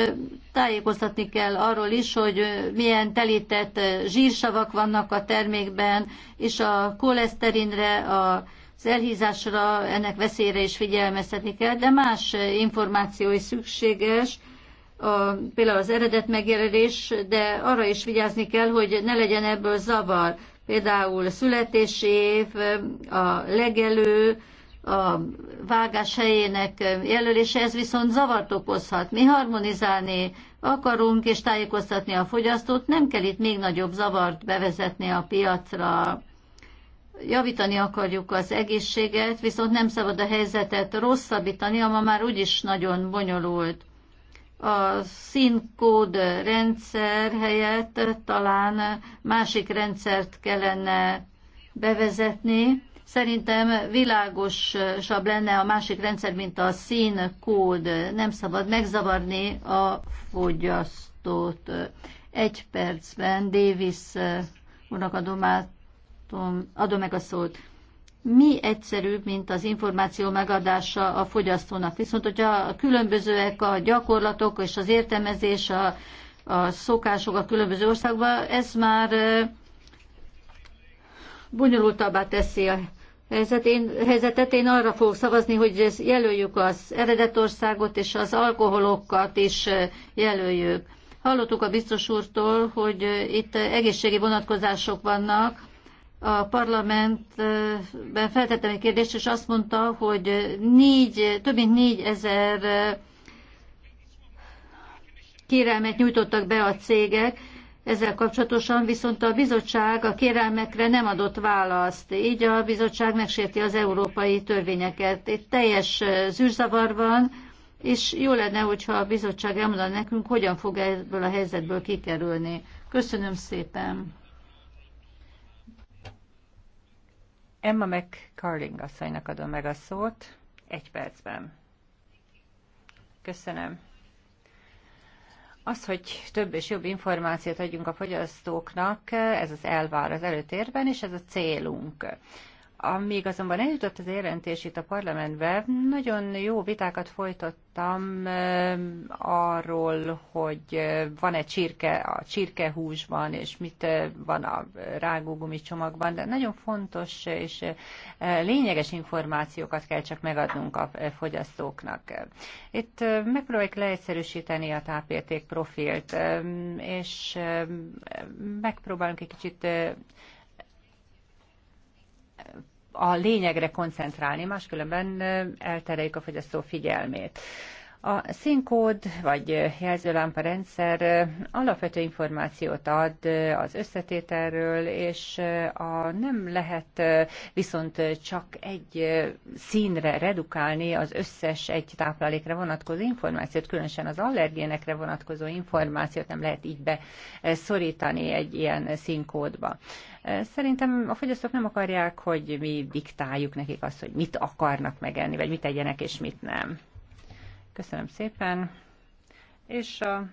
tájékoztatni kell arról is, hogy milyen telített zsírsavak vannak a termékben, és a koleszterinre, az elhízásra, ennek veszélyre is figyelmeztetni kell, de más információ is szükséges, a, például az eredet megjelenés, de arra is vigyázni kell, hogy ne legyen ebből zavar. Például születési év, a legelő, a vágás helyének jelölése, ez viszont zavart okozhat. Mi harmonizálni akarunk és tájékoztatni a fogyasztót, nem kell itt még nagyobb zavart bevezetni a piacra. Javítani akarjuk az egészséget, viszont nem szabad a helyzetet rosszabbítani, ama már úgyis nagyon bonyolult a színkód rendszer helyett talán másik rendszert kellene bevezetni. Szerintem világosabb lenne a másik rendszer, mint a színkód. Nem szabad megzavarni a fogyasztót. Egy percben Davis unakadomát adom, át, adom meg a szót mi egyszerűbb, mint az információ megadása a fogyasztónak. Viszont, hogyha különbözőek a gyakorlatok és az értelmezés, a, a szokások a különböző országban, ez már bonyolultabbá teszi a helyzet. Én, helyzetet. Én arra fogok szavazni, hogy jelöljük az eredetországot és az alkoholokat is jelöljük. Hallottuk a biztos úrtól, hogy itt egészségi vonatkozások vannak, a parlamentben feltettem egy kérdést, és azt mondta, hogy négy, több mint négy ezer kérelmet nyújtottak be a cégek, ezzel kapcsolatosan viszont a bizottság a kérelmekre nem adott választ, így a bizottság megsérti az európai törvényeket. Itt teljes zűrzavar van, és jó lenne, hogyha a bizottság elmondaná nekünk, hogyan fog ebből a helyzetből kikerülni. Köszönöm szépen! Emma McCarling asszonynak adom meg a szót egy percben. Köszönöm. Az, hogy több és jobb információt adjunk a fogyasztóknak, ez az elvár az előtérben, és ez a célunk. Amíg azonban eljutott az jelentés itt a parlamentbe, nagyon jó vitákat folytattam arról, hogy van-e csirke a csirkehúsban, és mit van a rágógumi csomagban, de nagyon fontos és lényeges információkat kell csak megadnunk a fogyasztóknak. Itt megpróbáljuk leegyszerűsíteni a tápérték profilt, és megpróbálunk egy kicsit a lényegre koncentrálni, máskülönben eltereljük a fogyasztó figyelmét. A színkód vagy jelzőlámpa rendszer alapvető információt ad az összetételről, és a nem lehet viszont csak egy színre redukálni az összes egy táplálékra vonatkozó információt, különösen az allergénekre vonatkozó információt nem lehet így beszorítani egy ilyen színkódba. Szerintem a fogyasztók nem akarják, hogy mi diktáljuk nekik azt, hogy mit akarnak megenni, vagy mit tegyenek és mit nem. Köszönöm szépen. És a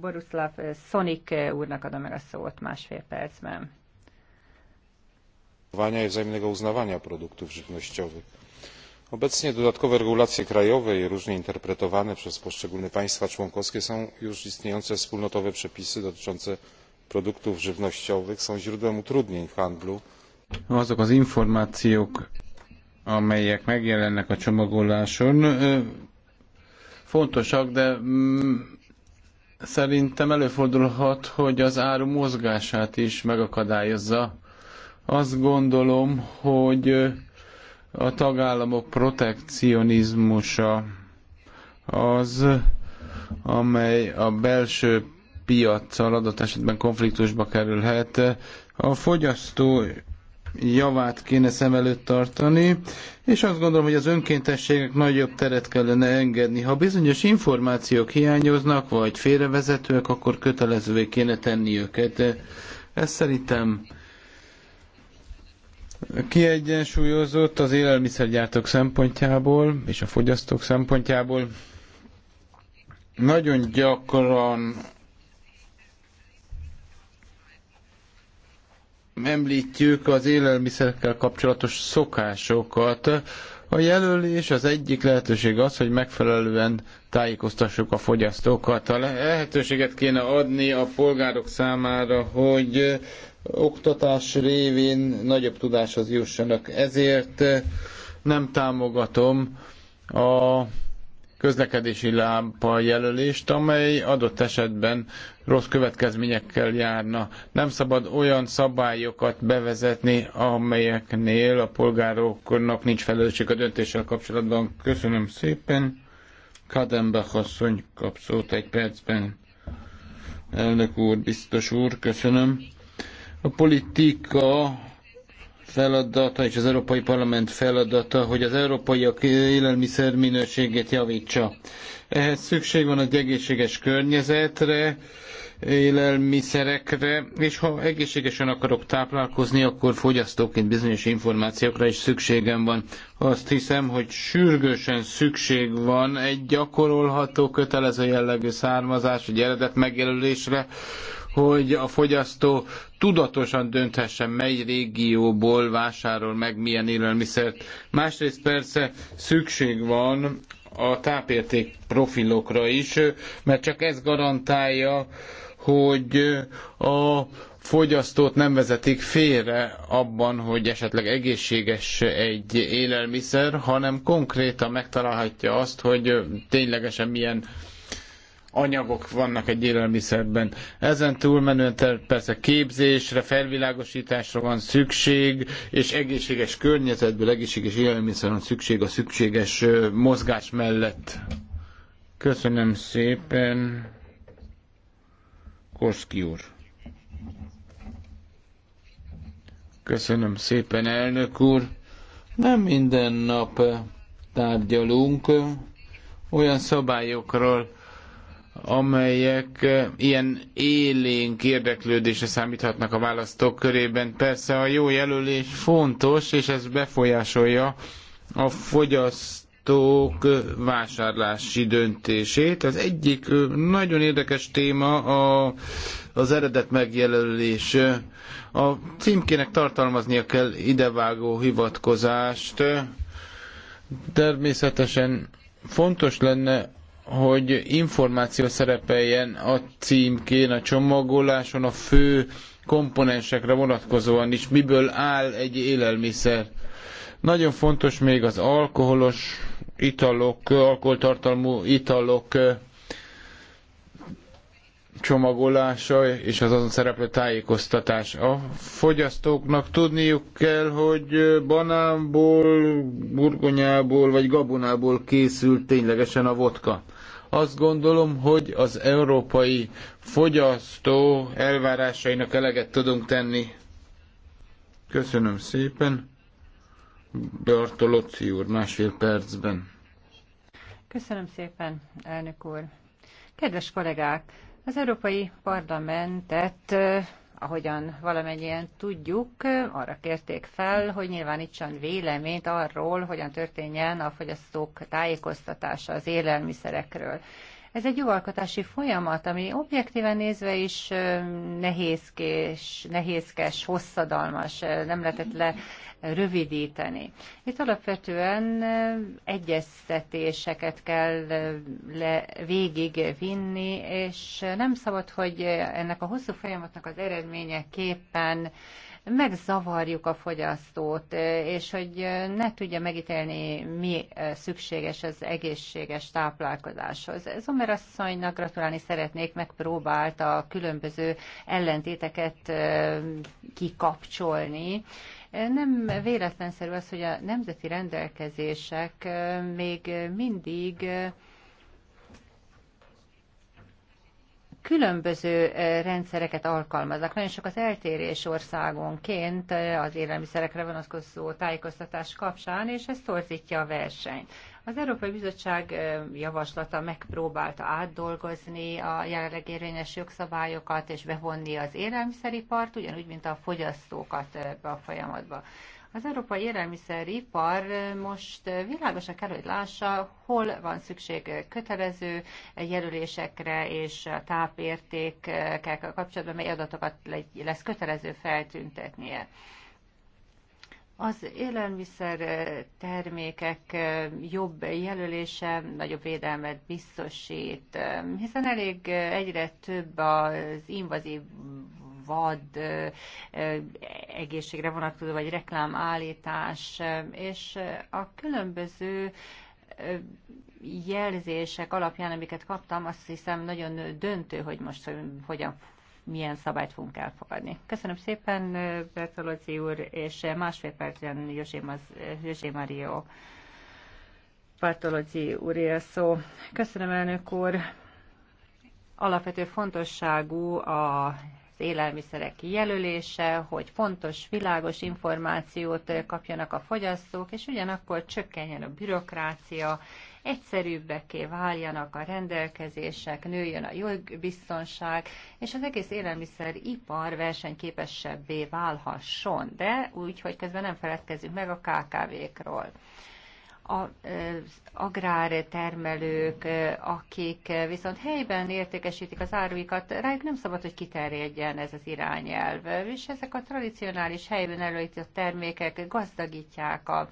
Boruszláv Szonik úrnak adom meg a szót másfél percben. i wzajemnego uznawania produktów żywnościowych. Obecnie dodatkowe regulacje krajowe i różnie interpretowane przez poszczególne państwa członkowskie są już istniejące wspólnotowe przepisy dotyczące produktów żywnościowych są źródłem utrudnień w handlu. Azok az információk, amelyek megjelennek a csomagoláson, fontosak, de mm, szerintem előfordulhat, hogy az áru mozgását is megakadályozza. Azt gondolom, hogy a tagállamok protekcionizmusa az, amely a belső piaccal adott esetben konfliktusba kerülhet. A fogyasztó javát kéne szem előtt tartani, és azt gondolom, hogy az önkéntességek nagyobb teret kellene engedni. Ha bizonyos információk hiányoznak, vagy félrevezetőek, akkor kötelezővé kéne tenni őket. Ez szerintem kiegyensúlyozott az élelmiszergyártók szempontjából és a fogyasztók szempontjából. Nagyon gyakran említjük az élelmiszerekkel kapcsolatos szokásokat. A jelölés az egyik lehetőség az, hogy megfelelően tájékoztassuk a fogyasztókat. A lehetőséget kéne adni a polgárok számára, hogy oktatás révén nagyobb tudáshoz jussanak. Ezért nem támogatom a közlekedési lámpa jelölést, amely adott esetben rossz következményekkel járna. Nem szabad olyan szabályokat bevezetni, amelyeknél a polgároknak nincs felelősség a döntéssel kapcsolatban. Köszönöm szépen. Kadembach asszony kap szót egy percben. Elnök úr, biztos úr, köszönöm. A politika feladata és az Európai Parlament feladata, hogy az európaiak élelmiszer minőségét javítsa. Ehhez szükség van egy egészséges környezetre, élelmiszerekre, és ha egészségesen akarok táplálkozni, akkor fogyasztóként bizonyos információkra is szükségem van. Azt hiszem, hogy sürgősen szükség van egy gyakorolható, kötelező jellegű származás, egy eredet megjelölésre, hogy a fogyasztó tudatosan dönthessen, mely régióból vásárol meg milyen élelmiszert. Másrészt persze szükség van a tápérték profilokra is, mert csak ez garantálja, hogy a fogyasztót nem vezetik félre abban, hogy esetleg egészséges egy élelmiszer, hanem konkrétan megtalálhatja azt, hogy ténylegesen milyen anyagok vannak egy élelmiszerben. Ezen túlmenően persze képzésre, felvilágosításra van szükség, és egészséges környezetből egészséges élelmiszer van szükség a szükséges mozgás mellett. Köszönöm szépen. Korszki úr. Köszönöm szépen, elnök úr. Nem minden nap tárgyalunk olyan szabályokról, amelyek eh, ilyen élénk érdeklődésre számíthatnak a választók körében. Persze a jó jelölés fontos, és ez befolyásolja a fogyasztók eh, vásárlási döntését. Az egyik eh, nagyon érdekes téma a, az eredet megjelölés. A címkének tartalmaznia kell idevágó hivatkozást. Természetesen fontos lenne hogy információ szerepeljen a címkén, a csomagoláson, a fő komponensekre vonatkozóan is, miből áll egy élelmiszer. Nagyon fontos még az alkoholos italok, alkoholtartalmú italok csomagolása és az azon szereplő tájékoztatás. A fogyasztóknak tudniuk kell, hogy banánból, burgonyából vagy gabonából készült ténylegesen a vodka. Azt gondolom, hogy az európai fogyasztó elvárásainak eleget tudunk tenni. Köszönöm szépen. Bartolozzi úr, másfél percben. Köszönöm szépen, elnök úr. Kedves kollégák, az Európai Parlamentet ahogyan valamennyien tudjuk, arra kérték fel, hogy nyilvánítson véleményt arról, hogyan történjen a fogyasztók tájékoztatása az élelmiszerekről. Ez egy jogalkotási folyamat, ami objektíven nézve is nehézkés, nehézkes, hosszadalmas, nem lehetett le rövidíteni. Itt alapvetően egyeztetéseket kell le, végig vinni, és nem szabad, hogy ennek a hosszú folyamatnak az eredményeképpen megzavarjuk a fogyasztót, és hogy ne tudja megítélni, mi szükséges az egészséges táplálkozáshoz. Zomer asszonynak gratulálni szeretnék, megpróbált a különböző ellentéteket kikapcsolni, nem véletlenszerű az, hogy a nemzeti rendelkezések még mindig különböző rendszereket alkalmaznak. Nagyon sok az eltérés országonként az élelmiszerekre vonatkozó tájékoztatás kapcsán, és ez torzítja a versenyt. Az Európai Bizottság javaslata megpróbálta átdolgozni a jelenleg érvényes jogszabályokat, és bevonni az élelmiszeripart, ugyanúgy, mint a fogyasztókat ebbe a folyamatba. Az európai élelmiszeripar most világosan kell, hogy lássa, hol van szükség kötelező jelölésekre és a tápértékkel kapcsolatban, mely adatokat lesz kötelező feltüntetnie. Az élelmiszer termékek jobb jelölése nagyobb védelmet biztosít, hiszen elég egyre több az invazív vad egészségre vonatkozó, vagy reklámállítás, és a különböző jelzések alapján, amiket kaptam, azt hiszem nagyon döntő, hogy most hogyan milyen szabályt fogunk elfogadni. Köszönöm szépen, Bertolozzi úr, és másfél percben Józsé Mario Bertolozzi úré a szó. Köszönöm, elnök úr. Alapvető fontosságú a élelmiszerek jelölése, hogy fontos, világos információt kapjanak a fogyasztók, és ugyanakkor csökkenjen a bürokrácia, egyszerűbbeké váljanak a rendelkezések, nőjön a jogbiztonság, és az egész élelmiszeripar versenyképesebbé válhasson, de úgy, hogy közben nem feledkezzünk meg a KKV-król az agrártermelők, akik viszont helyben értékesítik az áruikat, rájuk nem szabad, hogy kiterjedjen ez az irányelv. És ezek a tradicionális helyben előített termékek gazdagítják az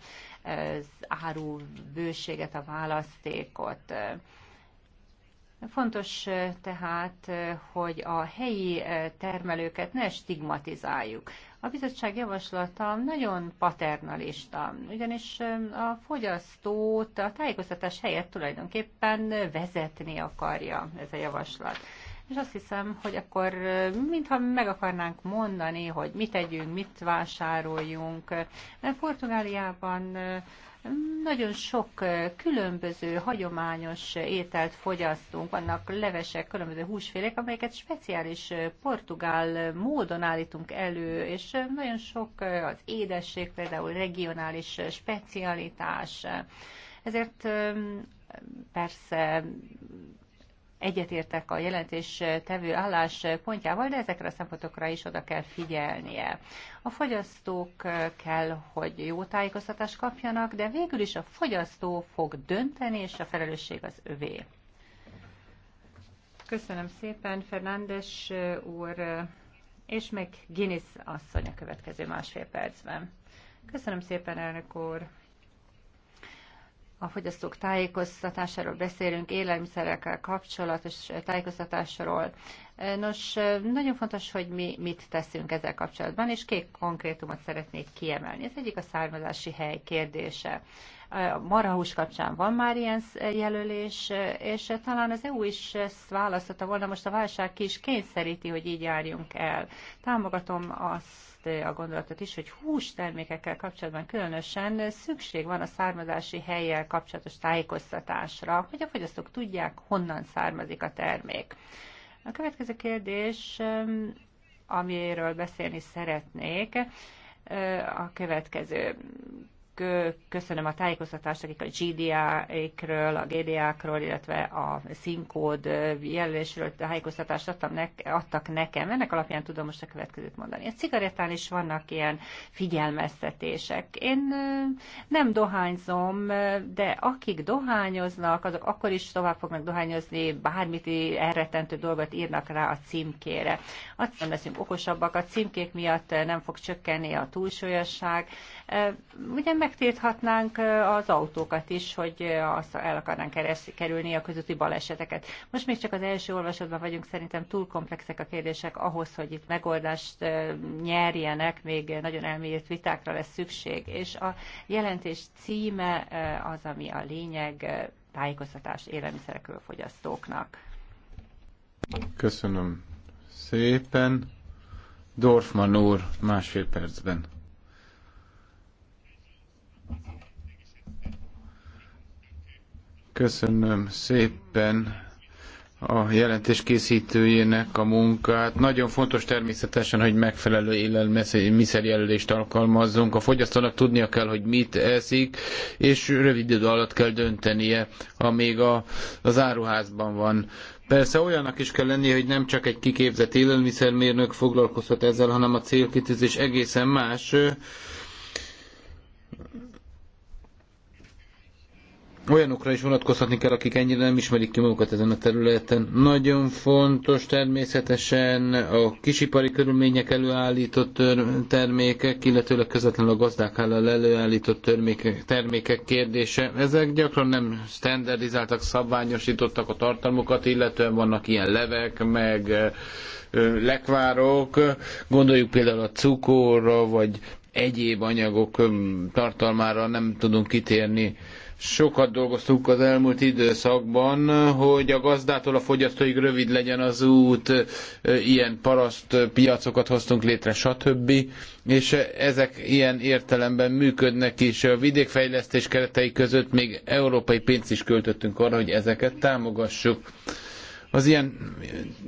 áru bőséget, a választékot. Fontos tehát, hogy a helyi termelőket ne stigmatizáljuk. A bizottság javaslata nagyon paternalista, ugyanis a fogyasztót a tájékoztatás helyett tulajdonképpen vezetni akarja ez a javaslat. És azt hiszem, hogy akkor mintha meg akarnánk mondani, hogy mit tegyünk, mit vásároljunk. Portugáliában nagyon sok különböző hagyományos ételt fogyasztunk, vannak levesek, különböző húsfélek, amelyeket speciális portugál módon állítunk elő, és nagyon sok az édesség, például regionális specialitás. Ezért persze egyetértek a jelentés tevő pontjával, de ezekre a szempontokra is oda kell figyelnie. A fogyasztók kell, hogy jó tájékoztatást kapjanak, de végül is a fogyasztó fog dönteni, és a felelősség az övé. Köszönöm szépen, Fernándes úr, és meg Guinness asszony a következő másfél percben. Köszönöm szépen, elnök úr a fogyasztók tájékoztatásáról beszélünk, élelmiszerekkel kapcsolatos tájékoztatásról. Nos, nagyon fontos, hogy mi mit teszünk ezzel kapcsolatban, és két konkrétumot szeretnék kiemelni. Ez egyik a származási hely kérdése. A marhahús kapcsán van már ilyen jelölés, és talán az EU is ezt választotta volna, most a válság ki is kényszeríti, hogy így járjunk el. Támogatom azt a gondolatot is, hogy hús termékekkel kapcsolatban különösen szükség van a származási helyjel kapcsolatos tájékoztatásra, hogy a fogyasztók tudják, honnan származik a termék. A következő kérdés, amiről beszélni szeretnék, a következő köszönöm a tájékoztatást, akik a gda ikről a GDA-król, illetve a színkód jelölésről tájékoztatást adtam nek, adtak nekem. Ennek alapján tudom most a következőt mondani. A cigarettán is vannak ilyen figyelmeztetések. Én nem dohányzom, de akik dohányoznak, azok akkor is tovább fognak dohányozni, bármit elrettentő dolgot írnak rá a címkére. Azt nem leszünk okosabbak, a címkék miatt nem fog csökkenni a túlsúlyosság. Ugye meg megtilthatnánk az autókat is, hogy azt el akarnánk kerülni a közötti baleseteket. Most még csak az első olvasatban vagyunk, szerintem túl komplexek a kérdések ahhoz, hogy itt megoldást nyerjenek, még nagyon elmélyült vitákra lesz szükség. És a jelentés címe az, ami a lényeg, tájékoztatás élelmiszerekről fogyasztóknak. Köszönöm szépen. Dorfman úr, másfél percben. Köszönöm szépen a jelentés készítőjének a munkát. Nagyon fontos természetesen, hogy megfelelő élelmiszerjelölést alkalmazzunk. A fogyasztónak tudnia kell, hogy mit eszik, és rövid idő alatt kell döntenie, amíg a, az áruházban van. Persze olyannak is kell lennie, hogy nem csak egy kiképzett élelmiszermérnök foglalkozhat ezzel, hanem a célkitűzés egészen más olyanokra is vonatkozhatni kell, akik ennyire nem ismerik ki magukat ezen a területen. Nagyon fontos természetesen a kisipari körülmények előállított termékek, illetőleg közvetlenül a gazdák által előállított termékek, termékek kérdése. Ezek gyakran nem standardizáltak, szabványosítottak a tartalmukat, illetően vannak ilyen levek, meg lekvárok, gondoljuk például a cukorra, vagy egyéb anyagok tartalmára nem tudunk kitérni Sokat dolgoztunk az elmúlt időszakban, hogy a gazdától a fogyasztóig rövid legyen az út, ilyen paraszt piacokat hoztunk létre, stb. És ezek ilyen értelemben működnek is. A vidékfejlesztés keretei között még európai pénzt is költöttünk arra, hogy ezeket támogassuk. Az ilyen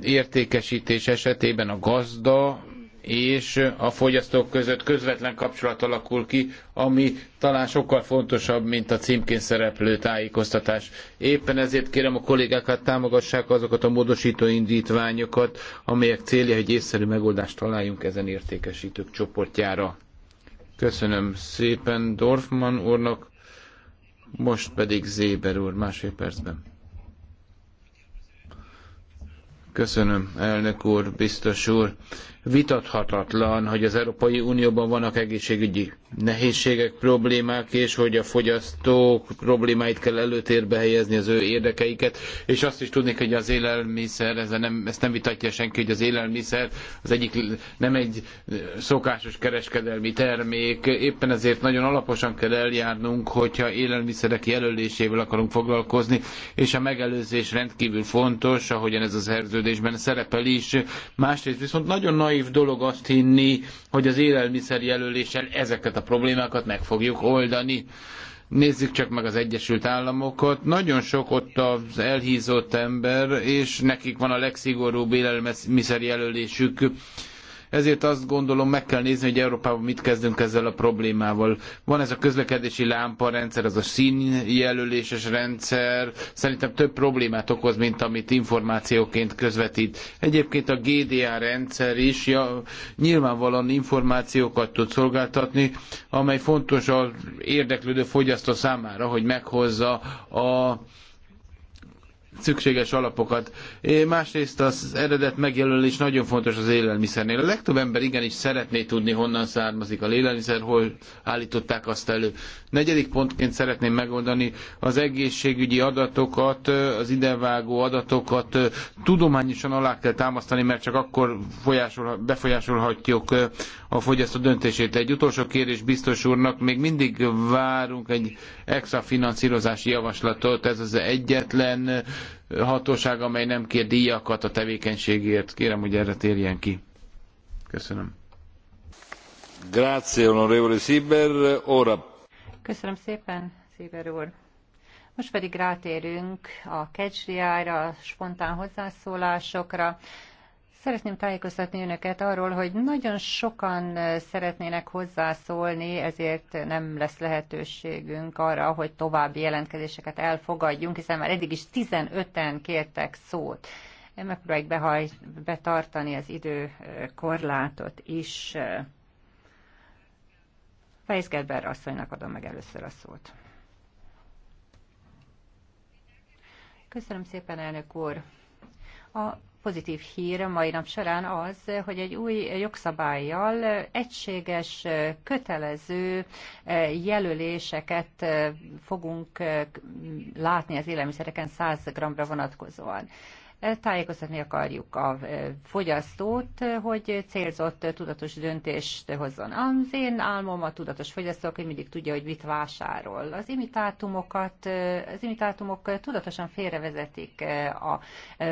értékesítés esetében a gazda és a fogyasztók között közvetlen kapcsolat alakul ki, ami talán sokkal fontosabb, mint a címkén szereplő tájékoztatás. Éppen ezért kérem a kollégákat támogassák azokat a módosító indítványokat, amelyek célja, hogy észszerű megoldást találjunk ezen értékesítők csoportjára. Köszönöm szépen Dorfman úrnak, most pedig Zéber úr másfél percben. Köszönöm, elnök úr, biztos úr vitathatatlan, hogy az Európai Unióban vannak egészségügyi nehézségek, problémák, és hogy a fogyasztók problémáit kell előtérbe helyezni az ő érdekeiket, és azt is tudnék, hogy az élelmiszer, ez nem, ezt nem vitatja senki, hogy az élelmiszer az egyik nem egy szokásos kereskedelmi termék, éppen ezért nagyon alaposan kell eljárnunk, hogyha élelmiszerek jelölésével akarunk foglalkozni, és a megelőzés rendkívül fontos, ahogyan ez a szerződésben szerepel is. Másrészt viszont nagyon naív dolog azt hinni, hogy az élelmiszer jelöléssel ezeket a problémákat meg fogjuk oldani. Nézzük csak meg az Egyesült Államokat. Nagyon sok ott az elhízott ember, és nekik van a legszigorúbb élelmiszerjelölésük. jelölésük ezért azt gondolom, meg kell nézni, hogy Európában mit kezdünk ezzel a problémával. Van ez a közlekedési lámparendszer, az a színjelöléses rendszer, szerintem több problémát okoz, mint amit információként közvetít. Egyébként a GDA rendszer is ja, nyilvánvalóan információkat tud szolgáltatni, amely fontos az érdeklődő fogyasztó számára, hogy meghozza a szükséges alapokat. Másrészt az eredet megjelölés nagyon fontos az élelmiszernél. A legtöbb ember igenis szeretné tudni, honnan származik a élelmiszer, hol állították azt elő. Negyedik pontként szeretném megoldani az egészségügyi adatokat, az idevágó adatokat tudományosan alá kell támasztani, mert csak akkor befolyásolhatjuk a fogyasztó döntését. Egy utolsó kérés biztos úrnak, még mindig várunk egy extra finanszírozási javaslatot, ez az egyetlen hatóság, amely nem kér díjakat a tevékenységért. Kérem, hogy erre térjen ki. Köszönöm. Grazie, onorevole Sieber. Ora. Köszönöm szépen, Sieber úr. Most pedig rátérünk a kecsriára, a spontán hozzászólásokra. Szeretném tájékoztatni önöket arról, hogy nagyon sokan eh, szeretnének hozzászólni, ezért nem lesz lehetőségünk arra, hogy további jelentkezéseket elfogadjunk, hiszen már eddig is 15-en kértek szót. Megpróbáljuk behaj, betartani az időkorlátot is. Fejsz Gerber asszonynak adom meg először a szót. Köszönöm szépen, elnök úr! A pozitív hír mai nap során az, hogy egy új jogszabályjal egységes, kötelező e, jelöléseket e, fogunk e, látni az élelmiszereken 100 g-ra vonatkozóan tájékoztatni akarjuk a fogyasztót, hogy célzott tudatos döntést hozzon. Az én álmom a tudatos fogyasztók, hogy mindig tudja, hogy mit vásárol. Az imitátumokat, az imitátumok tudatosan félrevezetik a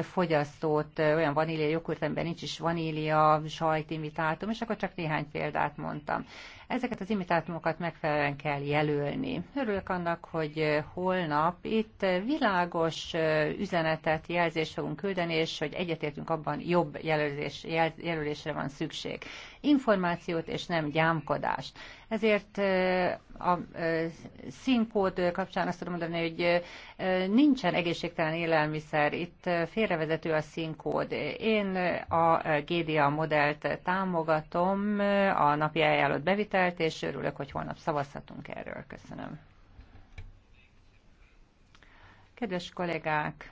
fogyasztót, olyan vanília jogurtemben nincs is vanília, sajt imitátum, és akkor csak néhány példát mondtam. Ezeket az imitátumokat megfelelően kell jelölni. Örülök annak, hogy eh, holnap itt eh, világos eh, üzenetet, jelzést fogunk küldeni, és hogy egyetértünk abban, jobb jelölés, jelölésre van szükség. Információt és nem gyámkodást. Ezért a színkód kapcsán azt tudom mondani, hogy nincsen egészségtelen élelmiszer, itt félrevezető a színkód. Én a GDA modellt támogatom, a napi ajánlott bevitelt, és örülök, hogy holnap szavazhatunk erről. Köszönöm. Kedves kollégák!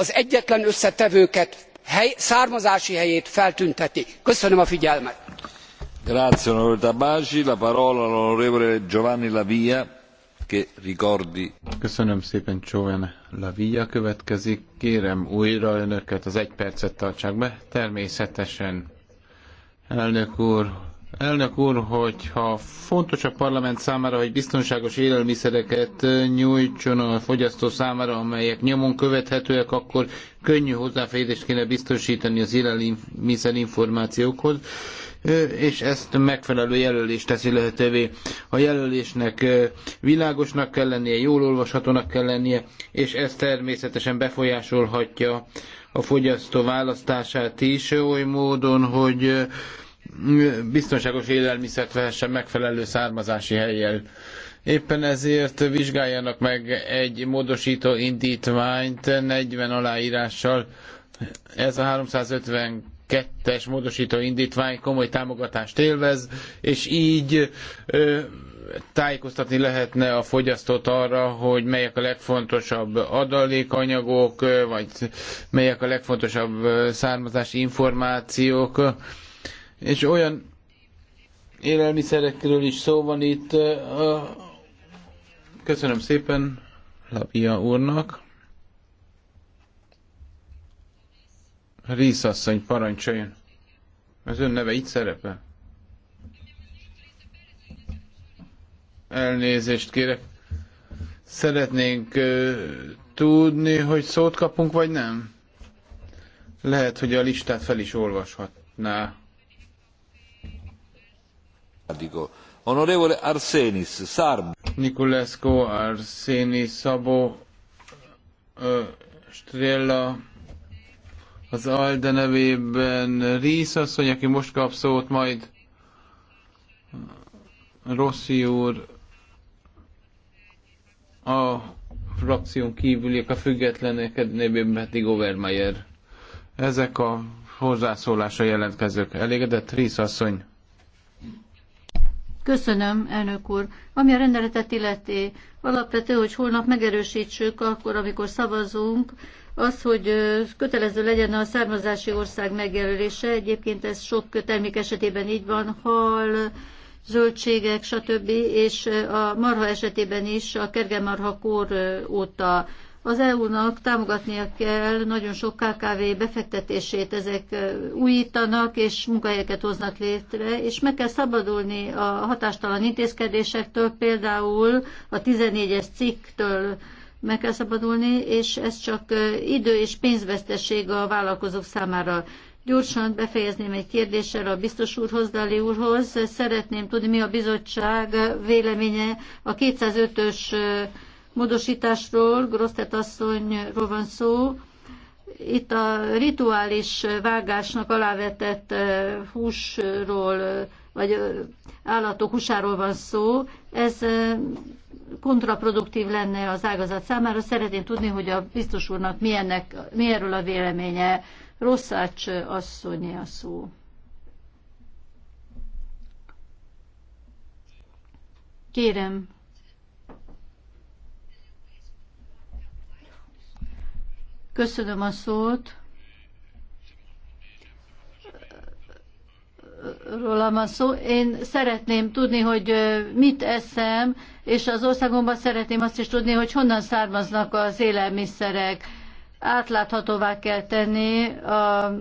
az egyetlen összetevőket származási helyét feltünteti. köszönöm a figyelmet. Köszönöm szépen, Joven Lavia következik. Kérem újra önöket, az egy percet tartsák be. Természetesen, elnök úr, Elnök úr, hogyha fontos a parlament számára, hogy biztonságos élelmiszereket nyújtson a fogyasztó számára, amelyek nyomon követhetőek, akkor könnyű hozzáférést kéne biztosítani az élelmiszer információkhoz és ezt megfelelő jelölés teszi lehetővé. A jelölésnek világosnak kell lennie, jól olvashatónak kell lennie, és ez természetesen befolyásolhatja a fogyasztó választását is oly módon, hogy biztonságos élelmiszert vehessen megfelelő származási helyjel. Éppen ezért vizsgáljanak meg egy módosító indítványt 40 aláírással. Ez a 350 kettes módosító indítvány komoly támogatást élvez, és így ö, tájékoztatni lehetne a fogyasztót arra, hogy melyek a legfontosabb adalékanyagok, vagy melyek a legfontosabb származási információk és olyan élelmiszerekről is szó van itt. Köszönöm szépen Lapia úrnak. Rízasszony asszony, parancsoljon. Az ön neve itt szerepel? Elnézést kérek. Szeretnénk ö, tudni, hogy szót kapunk, vagy nem? Lehet, hogy a listát fel is olvashatná. Onorevole Arsenis, Szárm. Niculescu, Arsenis, Szabó, ö, Strella, az Alde nevében Rísz asszony, aki most kap szót, majd Rossi úr, a frakción kívüliek, a függetlenek nevében pedig Overmeyer. Ezek a hozzászólása jelentkezők. Elégedett Rísz asszony? Köszönöm, elnök úr. Ami a rendeletet illeti, alapvető, hogy holnap megerősítsük, akkor, amikor szavazunk, az, hogy kötelező legyen a származási ország megjelölése. Egyébként ez sok termék esetében így van, hal, zöldségek, stb. És a marha esetében is a kergemarha kor óta az EU-nak támogatnia kell nagyon sok KKV befektetését, ezek újítanak és munkahelyeket hoznak létre, és meg kell szabadulni a hatástalan intézkedésektől, például a 14-es cikktől meg kell szabadulni, és ez csak idő és pénzvesztesség a vállalkozók számára. Gyorsan befejezném egy kérdéssel a biztos úrhoz, Dali úrhoz. Szeretném tudni, mi a bizottság véleménye a 205-ös módosításról, Grosztet asszonyról van szó. Itt a rituális vágásnak alávetett húsról, vagy állatok húsáról van szó. Ez kontraproduktív lenne az ágazat számára. Szeretném tudni, hogy a biztos úrnak milyennek, milyenről a véleménye. Rosszács asszonyi a szó. Kérem, Köszönöm a szót. rólam a szó. Én szeretném tudni, hogy mit eszem, és az országomban szeretném azt is tudni, hogy honnan származnak az élelmiszerek. Átláthatóvá kell tenni a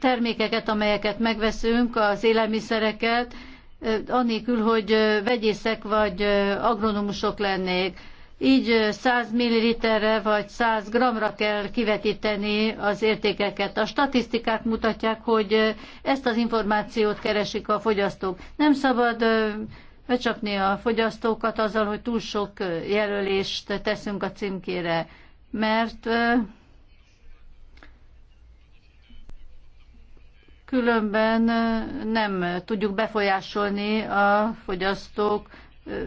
termékeket, amelyeket megveszünk, az élelmiszereket, anélkül, hogy vegyészek vagy agronomusok lennék így 100 milliliterre vagy 100 gramra kell kivetíteni az értékeket. A statisztikák mutatják, hogy ezt az információt keresik a fogyasztók. Nem szabad becsapni a fogyasztókat azzal, hogy túl sok jelölést teszünk a címkére, mert különben nem tudjuk befolyásolni a fogyasztók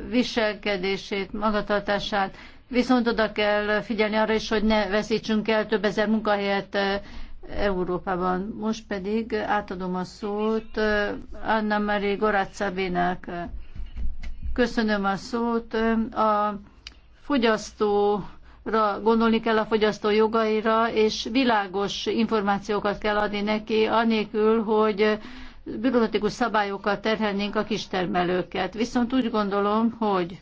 viselkedését, magatartását. Viszont oda kell figyelni arra is, hogy ne veszítsünk el több ezer munkahelyet eh, Európában. Most pedig átadom a szót eh, Anna Marie Goracabinek. Köszönöm a szót. Eh, a fogyasztóra gondolni kell a fogyasztó jogaira, és világos információkat kell adni neki, anélkül, hogy bürokratikus szabályokkal terhelnénk a kistermelőket. Viszont úgy gondolom, hogy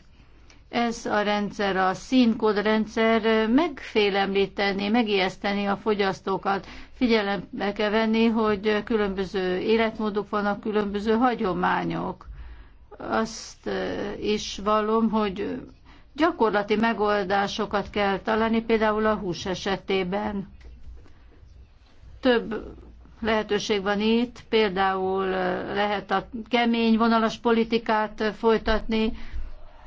ez a rendszer, a színkódrendszer megfélemlíteni, megijeszteni a fogyasztókat. Figyelembe kell venni, hogy különböző életmódok vannak, különböző hagyományok. Azt eh, is vallom, hogy gyakorlati megoldásokat kell találni, például a hús esetében. Több lehetőség van itt, például lehet a kemény vonalas politikát folytatni,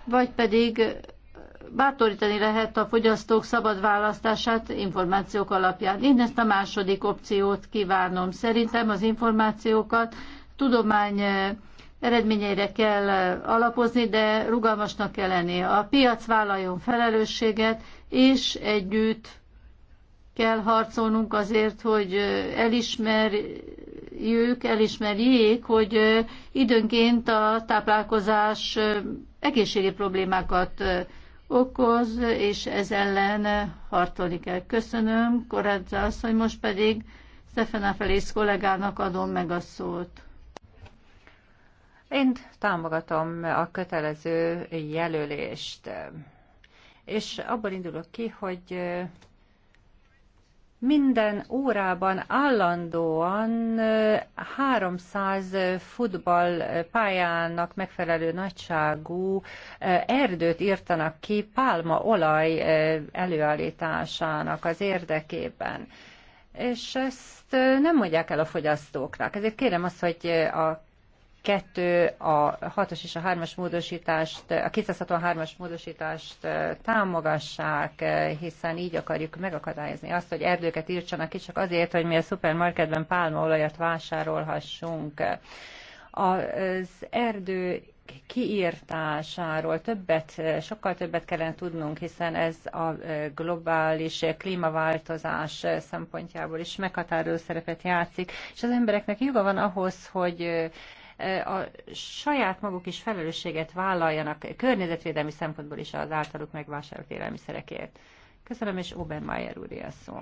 vagy pedig bátorítani lehet a fogyasztók szabad választását információk alapján. Én ezt a második opciót kívánom. Szerintem az információkat tudomány eredményeire kell alapozni, de rugalmasnak kell lenni. A piac vállaljon felelősséget, és együtt kell harcolnunk azért, hogy elismerjük, elismerjék, hogy időnként a táplálkozás egészségi problémákat okoz, és ez ellen harcolni kell. Köszönöm, Koradza asszony, most pedig Stefana Felész kollégának adom meg a szót. Én támogatom a kötelező jelölést, és abból indulok ki, hogy minden órában állandóan 300 futballpályának megfelelő nagyságú erdőt írtanak ki pálmaolaj előállításának az érdekében. És ezt nem mondják el a fogyasztóknak. Ezért kérem azt, hogy a kettő, a 6-os és a 3-as módosítást, a 263-as módosítást támogassák, hiszen így akarjuk megakadályozni azt, hogy erdőket írtsanak ki csak azért, hogy mi a szupermarketben pálmaolajat vásárolhassunk. Az erdő kiírtásáról többet, sokkal többet kellene tudnunk, hiszen ez a globális klímaváltozás szempontjából is meghatározó szerepet játszik, és az embereknek joga van ahhoz, hogy a saját maguk is felelősséget vállaljanak környezetvédelmi szempontból is az általuk megvásárolt élelmiszerekért. Köszönöm, és Obermeyer úr a szó.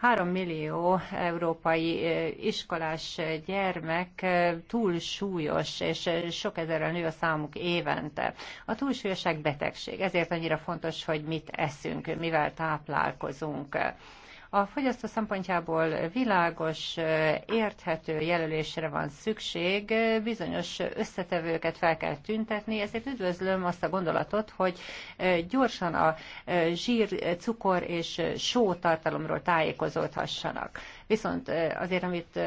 3 millió európai iskolás gyermek túlsúlyos, és sok ezerrel nő a számuk évente. A túlsúlyoság betegség, ezért annyira fontos, hogy mit eszünk, mivel táplálkozunk a fogyasztó szempontjából világos, érthető jelölésre van szükség, bizonyos összetevőket fel kell tüntetni, ezért üdvözlöm azt a gondolatot, hogy gyorsan a zsír, cukor és só tartalomról tájékozódhassanak. Viszont azért, amit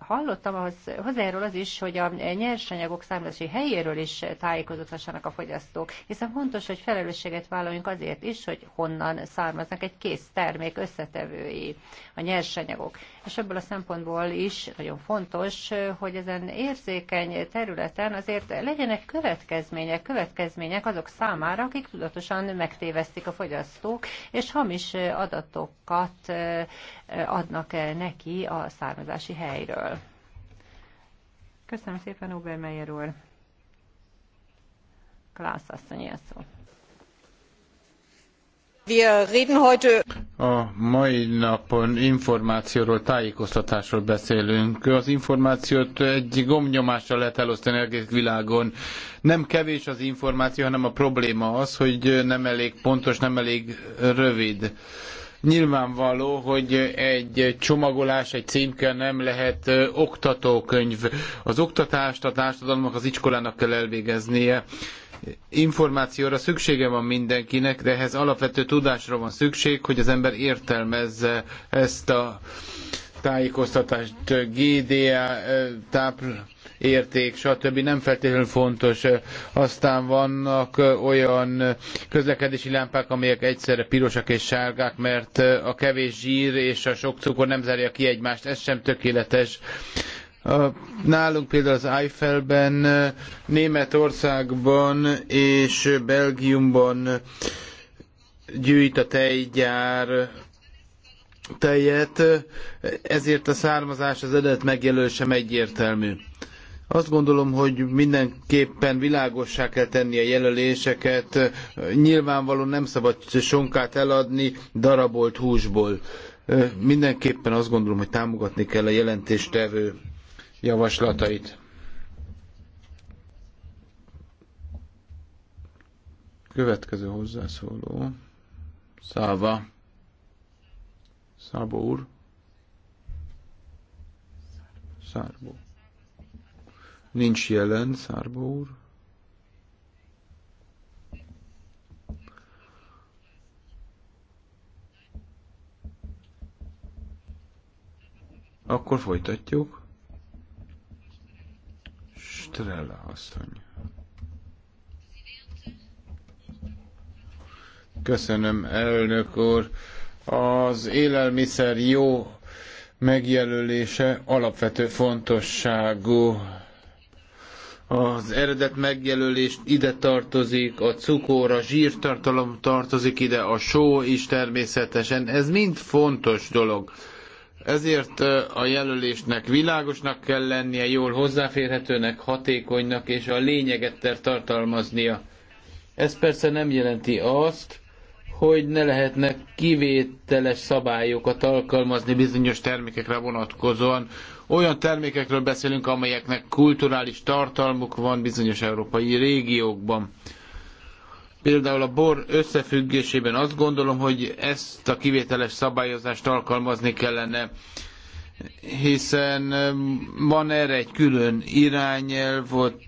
hallottam, ahhoz hozzájárul az is, hogy a nyersanyagok számlási helyéről is tájékozódhassanak a fogyasztók, hiszen fontos, hogy felelősséget vállaljunk azért is, hogy honnan származnak egy kész termék összetevői, a nyersanyagok. És ebből a szempontból is nagyon fontos, hogy ezen érzékeny területen azért legyenek következmények, következmények azok számára, akik tudatosan megtévesztik a fogyasztók, és hamis adatokat adnak el neki a származási helyről. Köszönöm szépen, Obermeyer úr. Klász asszony, a szó. A mai napon információról, tájékoztatásról beszélünk. Az információt egy gomnyomással lehet elosztani egész világon. Nem kevés az információ, hanem a probléma az, hogy nem elég pontos, nem elég rövid Nyilvánvaló, hogy egy csomagolás, egy címke nem lehet oktatókönyv. Az oktatást a társadalomnak, az iskolának kell elvégeznie információra szüksége van mindenkinek, de ehhez alapvető tudásra van szükség, hogy az ember értelmezze ezt a tájékoztatást. GDA tápl érték, stb. nem feltétlenül fontos. Aztán vannak olyan közlekedési lámpák, amelyek egyszerre pirosak és sárgák, mert a kevés zsír és a sok cukor nem zárja ki egymást. Ez sem tökéletes. Nálunk például az Eiffelben, Németországban és Belgiumban gyűjt a tejgyár tejet, ezért a származás az eredet megjelölése sem egyértelmű. Azt gondolom, hogy mindenképpen világossá kell tenni a jelöléseket. Nyilvánvalóan nem szabad sonkát eladni darabolt húsból. Mindenképpen azt gondolom, hogy támogatni kell a jelentéstevő javaslatait. Következő hozzászóló. Szava, Szabó úr. Szárbó. Nincs jelen, Szárba úr. Akkor folytatjuk. Strella asszony. Köszönöm, elnök úr. Az élelmiszer jó megjelölése alapvető fontosságú az eredet megjelölés ide tartozik, a cukor, a zsírtartalom tartozik ide, a só is természetesen. Ez mind fontos dolog. Ezért a jelölésnek világosnak kell lennie, jól hozzáférhetőnek, hatékonynak és a lényeget tartalmaznia. Ez persze nem jelenti azt, hogy ne lehetnek kivételes szabályokat alkalmazni bizonyos termékekre vonatkozóan, olyan termékekről beszélünk, amelyeknek kulturális tartalmuk van bizonyos európai régiókban. Például a bor összefüggésében azt gondolom, hogy ezt a kivételes szabályozást alkalmazni kellene hiszen van erre egy külön irányelv, ott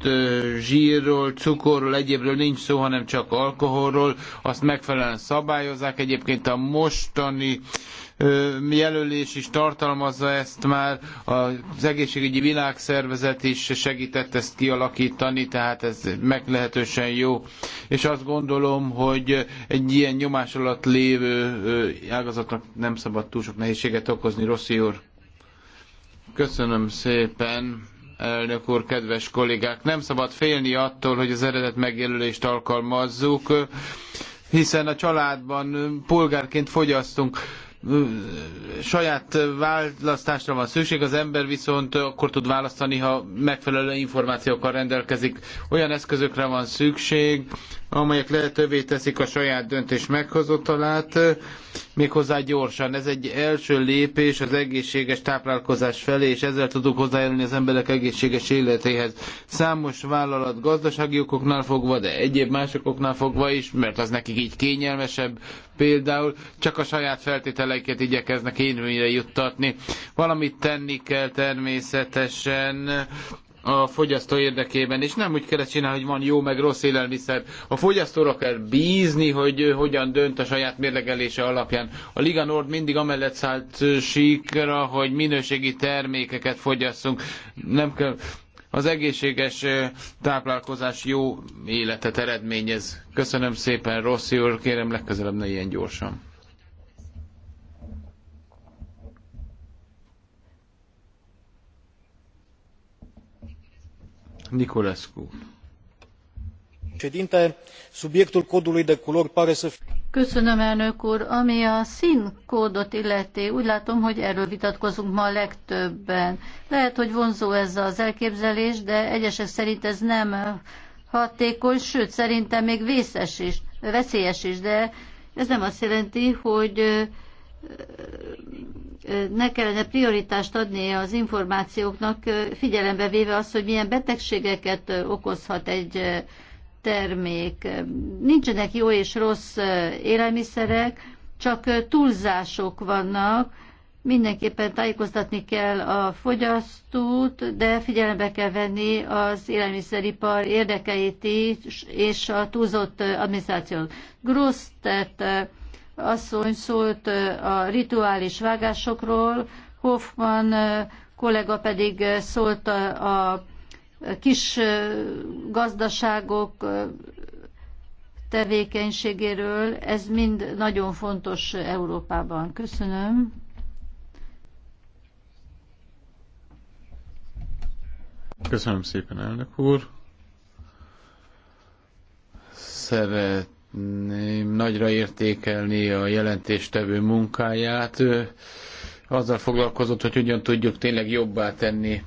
zsírról, cukorról, egyébről nincs szó, hanem csak alkoholról, azt megfelelően szabályozzák. Egyébként a mostani jelölés is tartalmazza ezt már, az egészségügyi világszervezet is segített ezt kialakítani, tehát ez meglehetősen jó. És azt gondolom, hogy egy ilyen nyomás alatt lévő ágazatnak nem szabad túl sok nehézséget okozni, Rossi úr. Köszönöm szépen elnök úr, kedves kollégák! Nem szabad félni attól, hogy az eredet megjelölést alkalmazzuk, hiszen a családban polgárként fogyasztunk saját választásra van szükség, az ember viszont akkor tud választani, ha megfelelő információkkal rendelkezik. Olyan eszközökre van szükség, amelyek lehetővé teszik a saját döntés meghozatalát, méghozzá gyorsan. Ez egy első lépés az egészséges táplálkozás felé, és ezzel tudunk hozzájárulni az emberek egészséges életéhez. Számos vállalat gazdasági okoknál fogva, de egyéb másokoknál fogva is, mert az nekik így kényelmesebb, például csak a saját feltételeiket igyekeznek érvényre juttatni. Valamit tenni kell természetesen a fogyasztó érdekében, és nem úgy kell csinálni, hogy van jó meg rossz élelmiszer. A fogyasztóra kell bízni, hogy ő hogyan dönt a saját mérlegelése alapján. A Liga Nord mindig amellett szállt síkra, hogy minőségi termékeket fogyasszunk. Nem kell az egészséges táplálkozás jó életet eredményez. Köszönöm szépen, Rossi úr, kérem legközelebb ne ilyen gyorsan. Köszönöm, Ami a színkódot illeti, úgy látom, hogy erről vitatkozunk ma a legtöbben. Lehet, hogy vonzó ez az elképzelés, de egyesek szerint ez nem hatékony, sőt, szerintem még vészes is, veszélyes is, de ez nem azt jelenti, hogy ne kellene prioritást adni az információknak, figyelembe véve azt, hogy milyen betegségeket okozhat egy termék. Nincsenek jó és rossz élelmiszerek, csak túlzások vannak. Mindenképpen tájékoztatni kell a fogyasztót, de figyelembe kell venni az élelmiszeripar érdekeit is, és a túlzott adminisztrációt. Grosztet asszony szólt a rituális vágásokról, Hoffman kollega pedig szólt a kis gazdaságok tevékenységéről. Ez mind nagyon fontos Európában. Köszönöm. Köszönöm szépen, elnök úr. Szeret nagyra értékelni a jelentéstevő munkáját. Ő azzal foglalkozott, hogy hogyan tudjuk tényleg jobbá tenni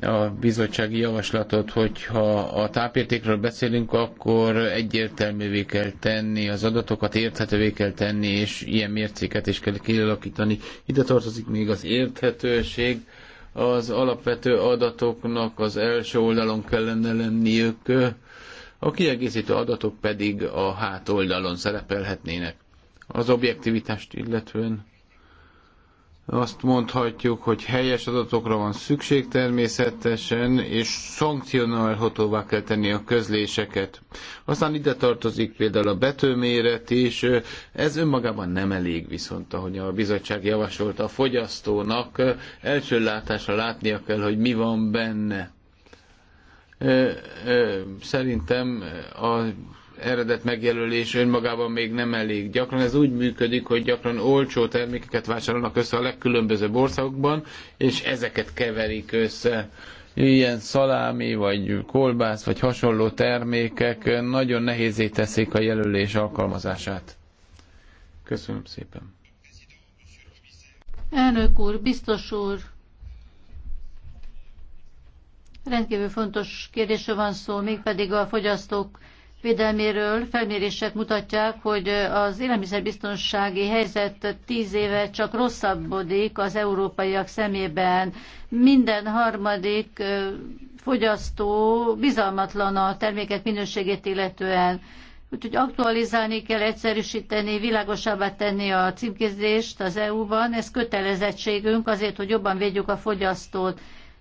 a bizottsági javaslatot, hogyha a tápértékről beszélünk, akkor egyértelművé kell tenni, az adatokat érthetővé kell tenni, és ilyen mércéket is kell kialakítani. Ide tartozik még az érthetőség, az alapvető adatoknak az első oldalon kellene lenniük, a kiegészítő adatok pedig a hátoldalon szerepelhetnének. Az objektivitást illetően azt mondhatjuk, hogy helyes adatokra van szükség természetesen, és szankcionálhatóvá kell tenni a közléseket. Aztán ide tartozik például a betőméret is, ez önmagában nem elég viszont, ahogy a bizottság javasolta a fogyasztónak, első látásra látnia kell, hogy mi van benne. Szerintem az eredet megjelölés önmagában még nem elég. Gyakran ez úgy működik, hogy gyakran olcsó termékeket vásárolnak össze a legkülönbözőbb országokban, és ezeket keverik össze ilyen szalámi, vagy kolbász, vagy hasonló termékek nagyon nehézé teszik a jelölés alkalmazását. Köszönöm szépen. Elnök úr, biztos úr, Rendkívül fontos kérdésről van szó, mégpedig a fogyasztók védelméről felmérések mutatják, hogy az élelmiszerbiztonsági helyzet tíz éve csak rosszabbodik az európaiak szemében. Minden harmadik fogyasztó bizalmatlan a termékek minőségét illetően. Úgyhogy aktualizálni kell, egyszerűsíteni, világosabbá tenni a címkézést az EU-ban. Ez kötelezettségünk azért, hogy jobban védjük a fogyasztót.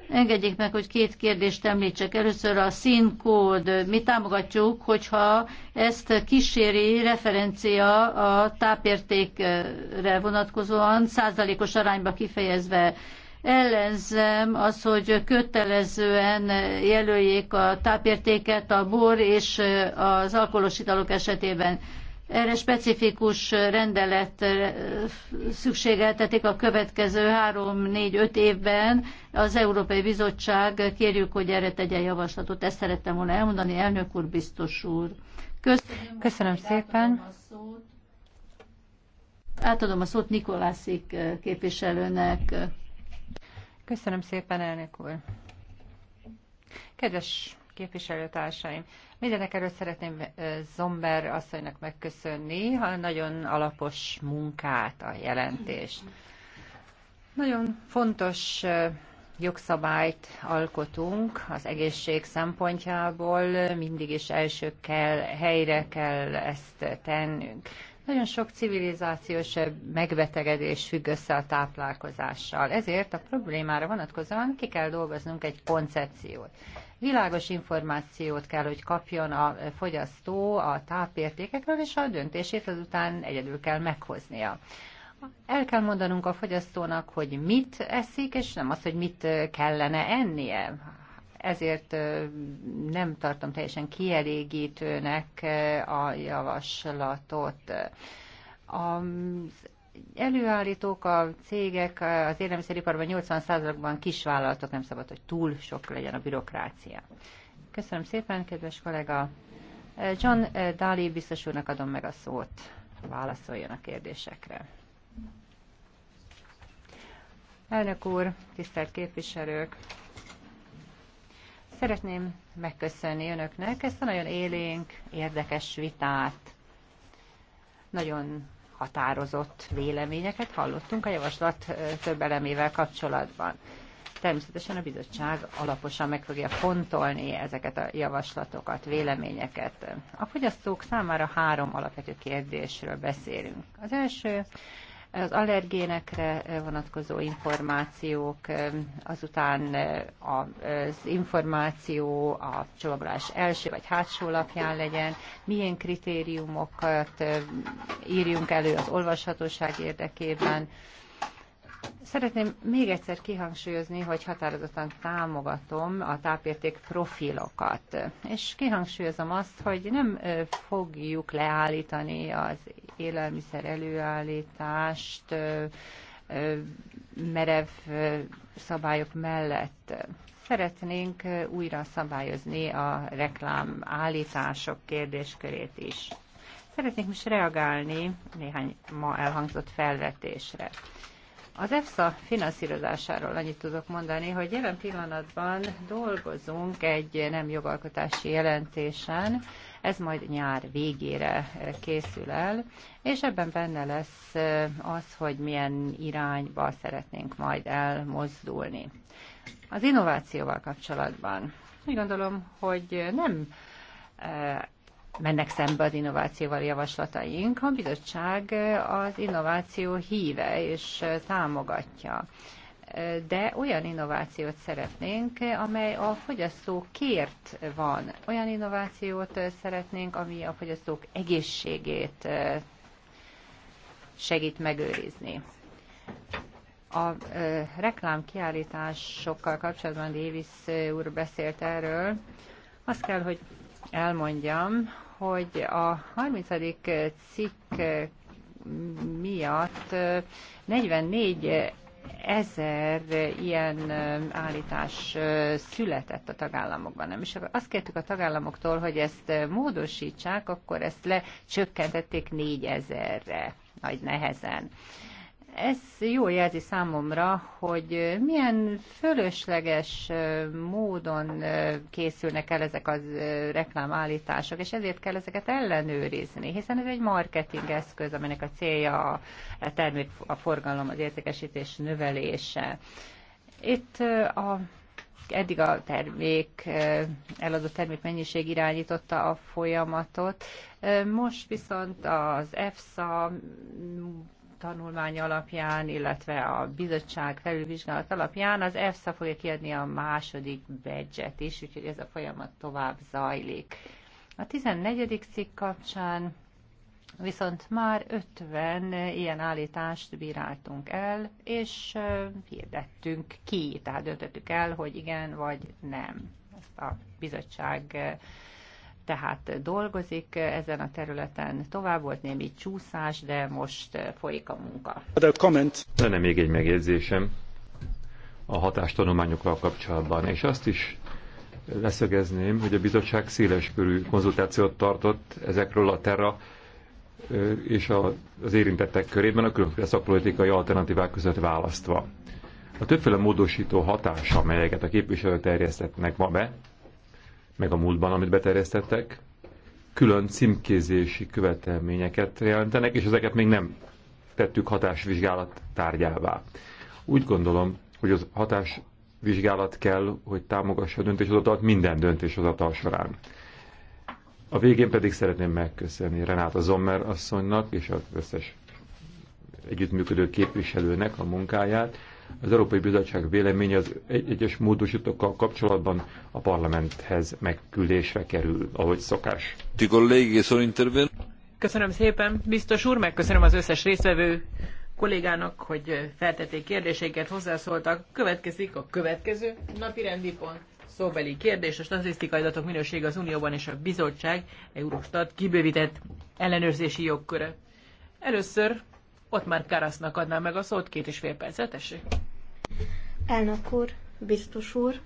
Engedjék meg, hogy két kérdést említsek. Először a színkód. Mi támogatjuk, hogyha ezt kíséri referencia a tápértékre vonatkozóan, százalékos arányba kifejezve. Ellenzem az, hogy kötelezően jelöljék a tápértéket a bor és az alkoholos italok esetében. Erre specifikus rendelet eh, szükségeltetik a következő három-négy-öt évben. Az Európai Bizottság kérjük, hogy erre tegyen javaslatot. Ezt szerettem volna elmondani, elnök úr, biztos úr. Köszönöm, Köszönöm szépen. Átadom a, átadom a szót Nikolászik eh, képviselőnek. Köszönöm szépen, elnök úr. Kedves képviselőtársaim! Mindenek előtt szeretném Zomber asszonynak megköszönni a nagyon alapos munkát, a jelentést. Nagyon fontos jogszabályt alkotunk az egészség szempontjából, mindig is első kell, helyre kell ezt tennünk. Nagyon sok civilizációs megbetegedés függ össze a táplálkozással. Ezért a problémára vonatkozóan ki kell dolgoznunk egy koncepciót. Világos információt kell, hogy kapjon a fogyasztó a tápértékekről, és a döntését azután egyedül kell meghoznia el kell mondanunk a fogyasztónak, hogy mit eszik, és nem az, hogy mit kellene ennie ezért nem tartom teljesen kielégítőnek a javaslatot. A előállítók, a cégek az élelmiszeriparban 80%-ban kisvállalatok, nem szabad, hogy túl sok legyen a bürokrácia. Köszönöm szépen, kedves kollega. John Dali biztos úrnak adom meg a szót, válaszoljon a kérdésekre. Elnök úr, tisztelt képviselők! Szeretném megköszönni önöknek ezt a nagyon élénk, érdekes vitát. Nagyon határozott véleményeket hallottunk a javaslat több elemével kapcsolatban. Természetesen a bizottság alaposan meg fogja fontolni ezeket a javaslatokat, véleményeket. A fogyasztók számára három alapvető kérdésről beszélünk. Az első az allergénekre vonatkozó információk, eh, azután eh, az információ a csomagolás első vagy hátsó lapján legyen, milyen kritériumokat eh, írjunk elő az olvashatóság érdekében, Szeretném még egyszer kihangsúlyozni, hogy határozottan támogatom a tápérték profilokat, és kihangsúlyozom azt, hogy nem fogjuk leállítani az élelmiszer előállítást merev szabályok mellett. Szeretnénk újra szabályozni a reklám állítások kérdéskörét is. Szeretnék most reagálni néhány ma elhangzott felvetésre. Az EFSA finanszírozásáról annyit tudok mondani, hogy jelen pillanatban dolgozunk egy nem jogalkotási jelentésen, ez majd nyár végére készül el, és ebben benne lesz az, hogy milyen irányba szeretnénk majd elmozdulni. Az innovációval kapcsolatban úgy gondolom, hogy nem mennek szembe az innovációval javaslataink. A bizottság az innováció híve és támogatja de olyan innovációt szeretnénk, amely a fogyasztó kért van. Olyan innovációt szeretnénk, ami a fogyasztók egészségét segít megőrizni. A reklámkiállításokkal kapcsolatban Davis úr beszélt erről. Azt kell, hogy elmondjam, hogy a 30. cikk miatt 44 ezer ilyen állítás született a tagállamokban. Nem? És azt kértük a tagállamoktól, hogy ezt módosítsák, akkor ezt lecsökkentették 4 ezerre nagy nehezen. Ez jó jelzi számomra, hogy milyen fölösleges módon készülnek el ezek az reklámállítások, és ezért kell ezeket ellenőrizni, hiszen ez egy marketing eszköz, aminek a célja a termék, a forgalom, az értékesítés növelése. Itt a eddig a termék, eladott termék mennyiség irányította a folyamatot. Most viszont az EFSA tanulmány alapján, illetve a bizottság felülvizsgálat alapján az EFSA fogja kiadni a második badge-et is, úgyhogy ez a folyamat tovább zajlik. A 14. cikk kapcsán viszont már 50 ilyen állítást bíráltunk el, és hirdettünk ki, tehát döntöttük el, hogy igen vagy nem. Ezt a bizottság tehát dolgozik ezen a területen. Tovább volt némi csúszás, de most folyik a munka. Lenne még egy megjegyzésem a hatástanulmányokkal kapcsolatban, és azt is leszögezném, hogy a bizottság széleskörű konzultációt tartott ezekről a terra és az érintettek körében a különböző szakpolitikai alternatívák között választva. A többféle módosító hatása, amelyeket a képviselők terjesztetnek ma be, meg a múltban, amit beterjesztettek, külön címkézési követelményeket jelentenek, és ezeket még nem tettük hatásvizsgálat tárgyává. Úgy gondolom, hogy az hatásvizsgálat kell, hogy támogassa a döntéshozatalt minden döntéshozatal során. A végén pedig szeretném megköszönni Renáta Zommer asszonynak és az összes együttműködő képviselőnek a munkáját, az Európai Bizottság véleménye az egyes módosítókkal kapcsolatban a parlamenthez megküldésre kerül, ahogy szokás. Köszönöm szépen, biztos úr, megköszönöm az összes résztvevő kollégának, hogy feltették kérdéseiket, hozzászóltak. Következik a következő napi rendi pont. Szóbeli kérdés, a statisztikai adatok minősége az Unióban és a Bizottság, Eurostat kibővített ellenőrzési jogköre. Először ott már Karasznak adnám meg a szót, két és fél percet, tessék. Elnök úr, biztos úr,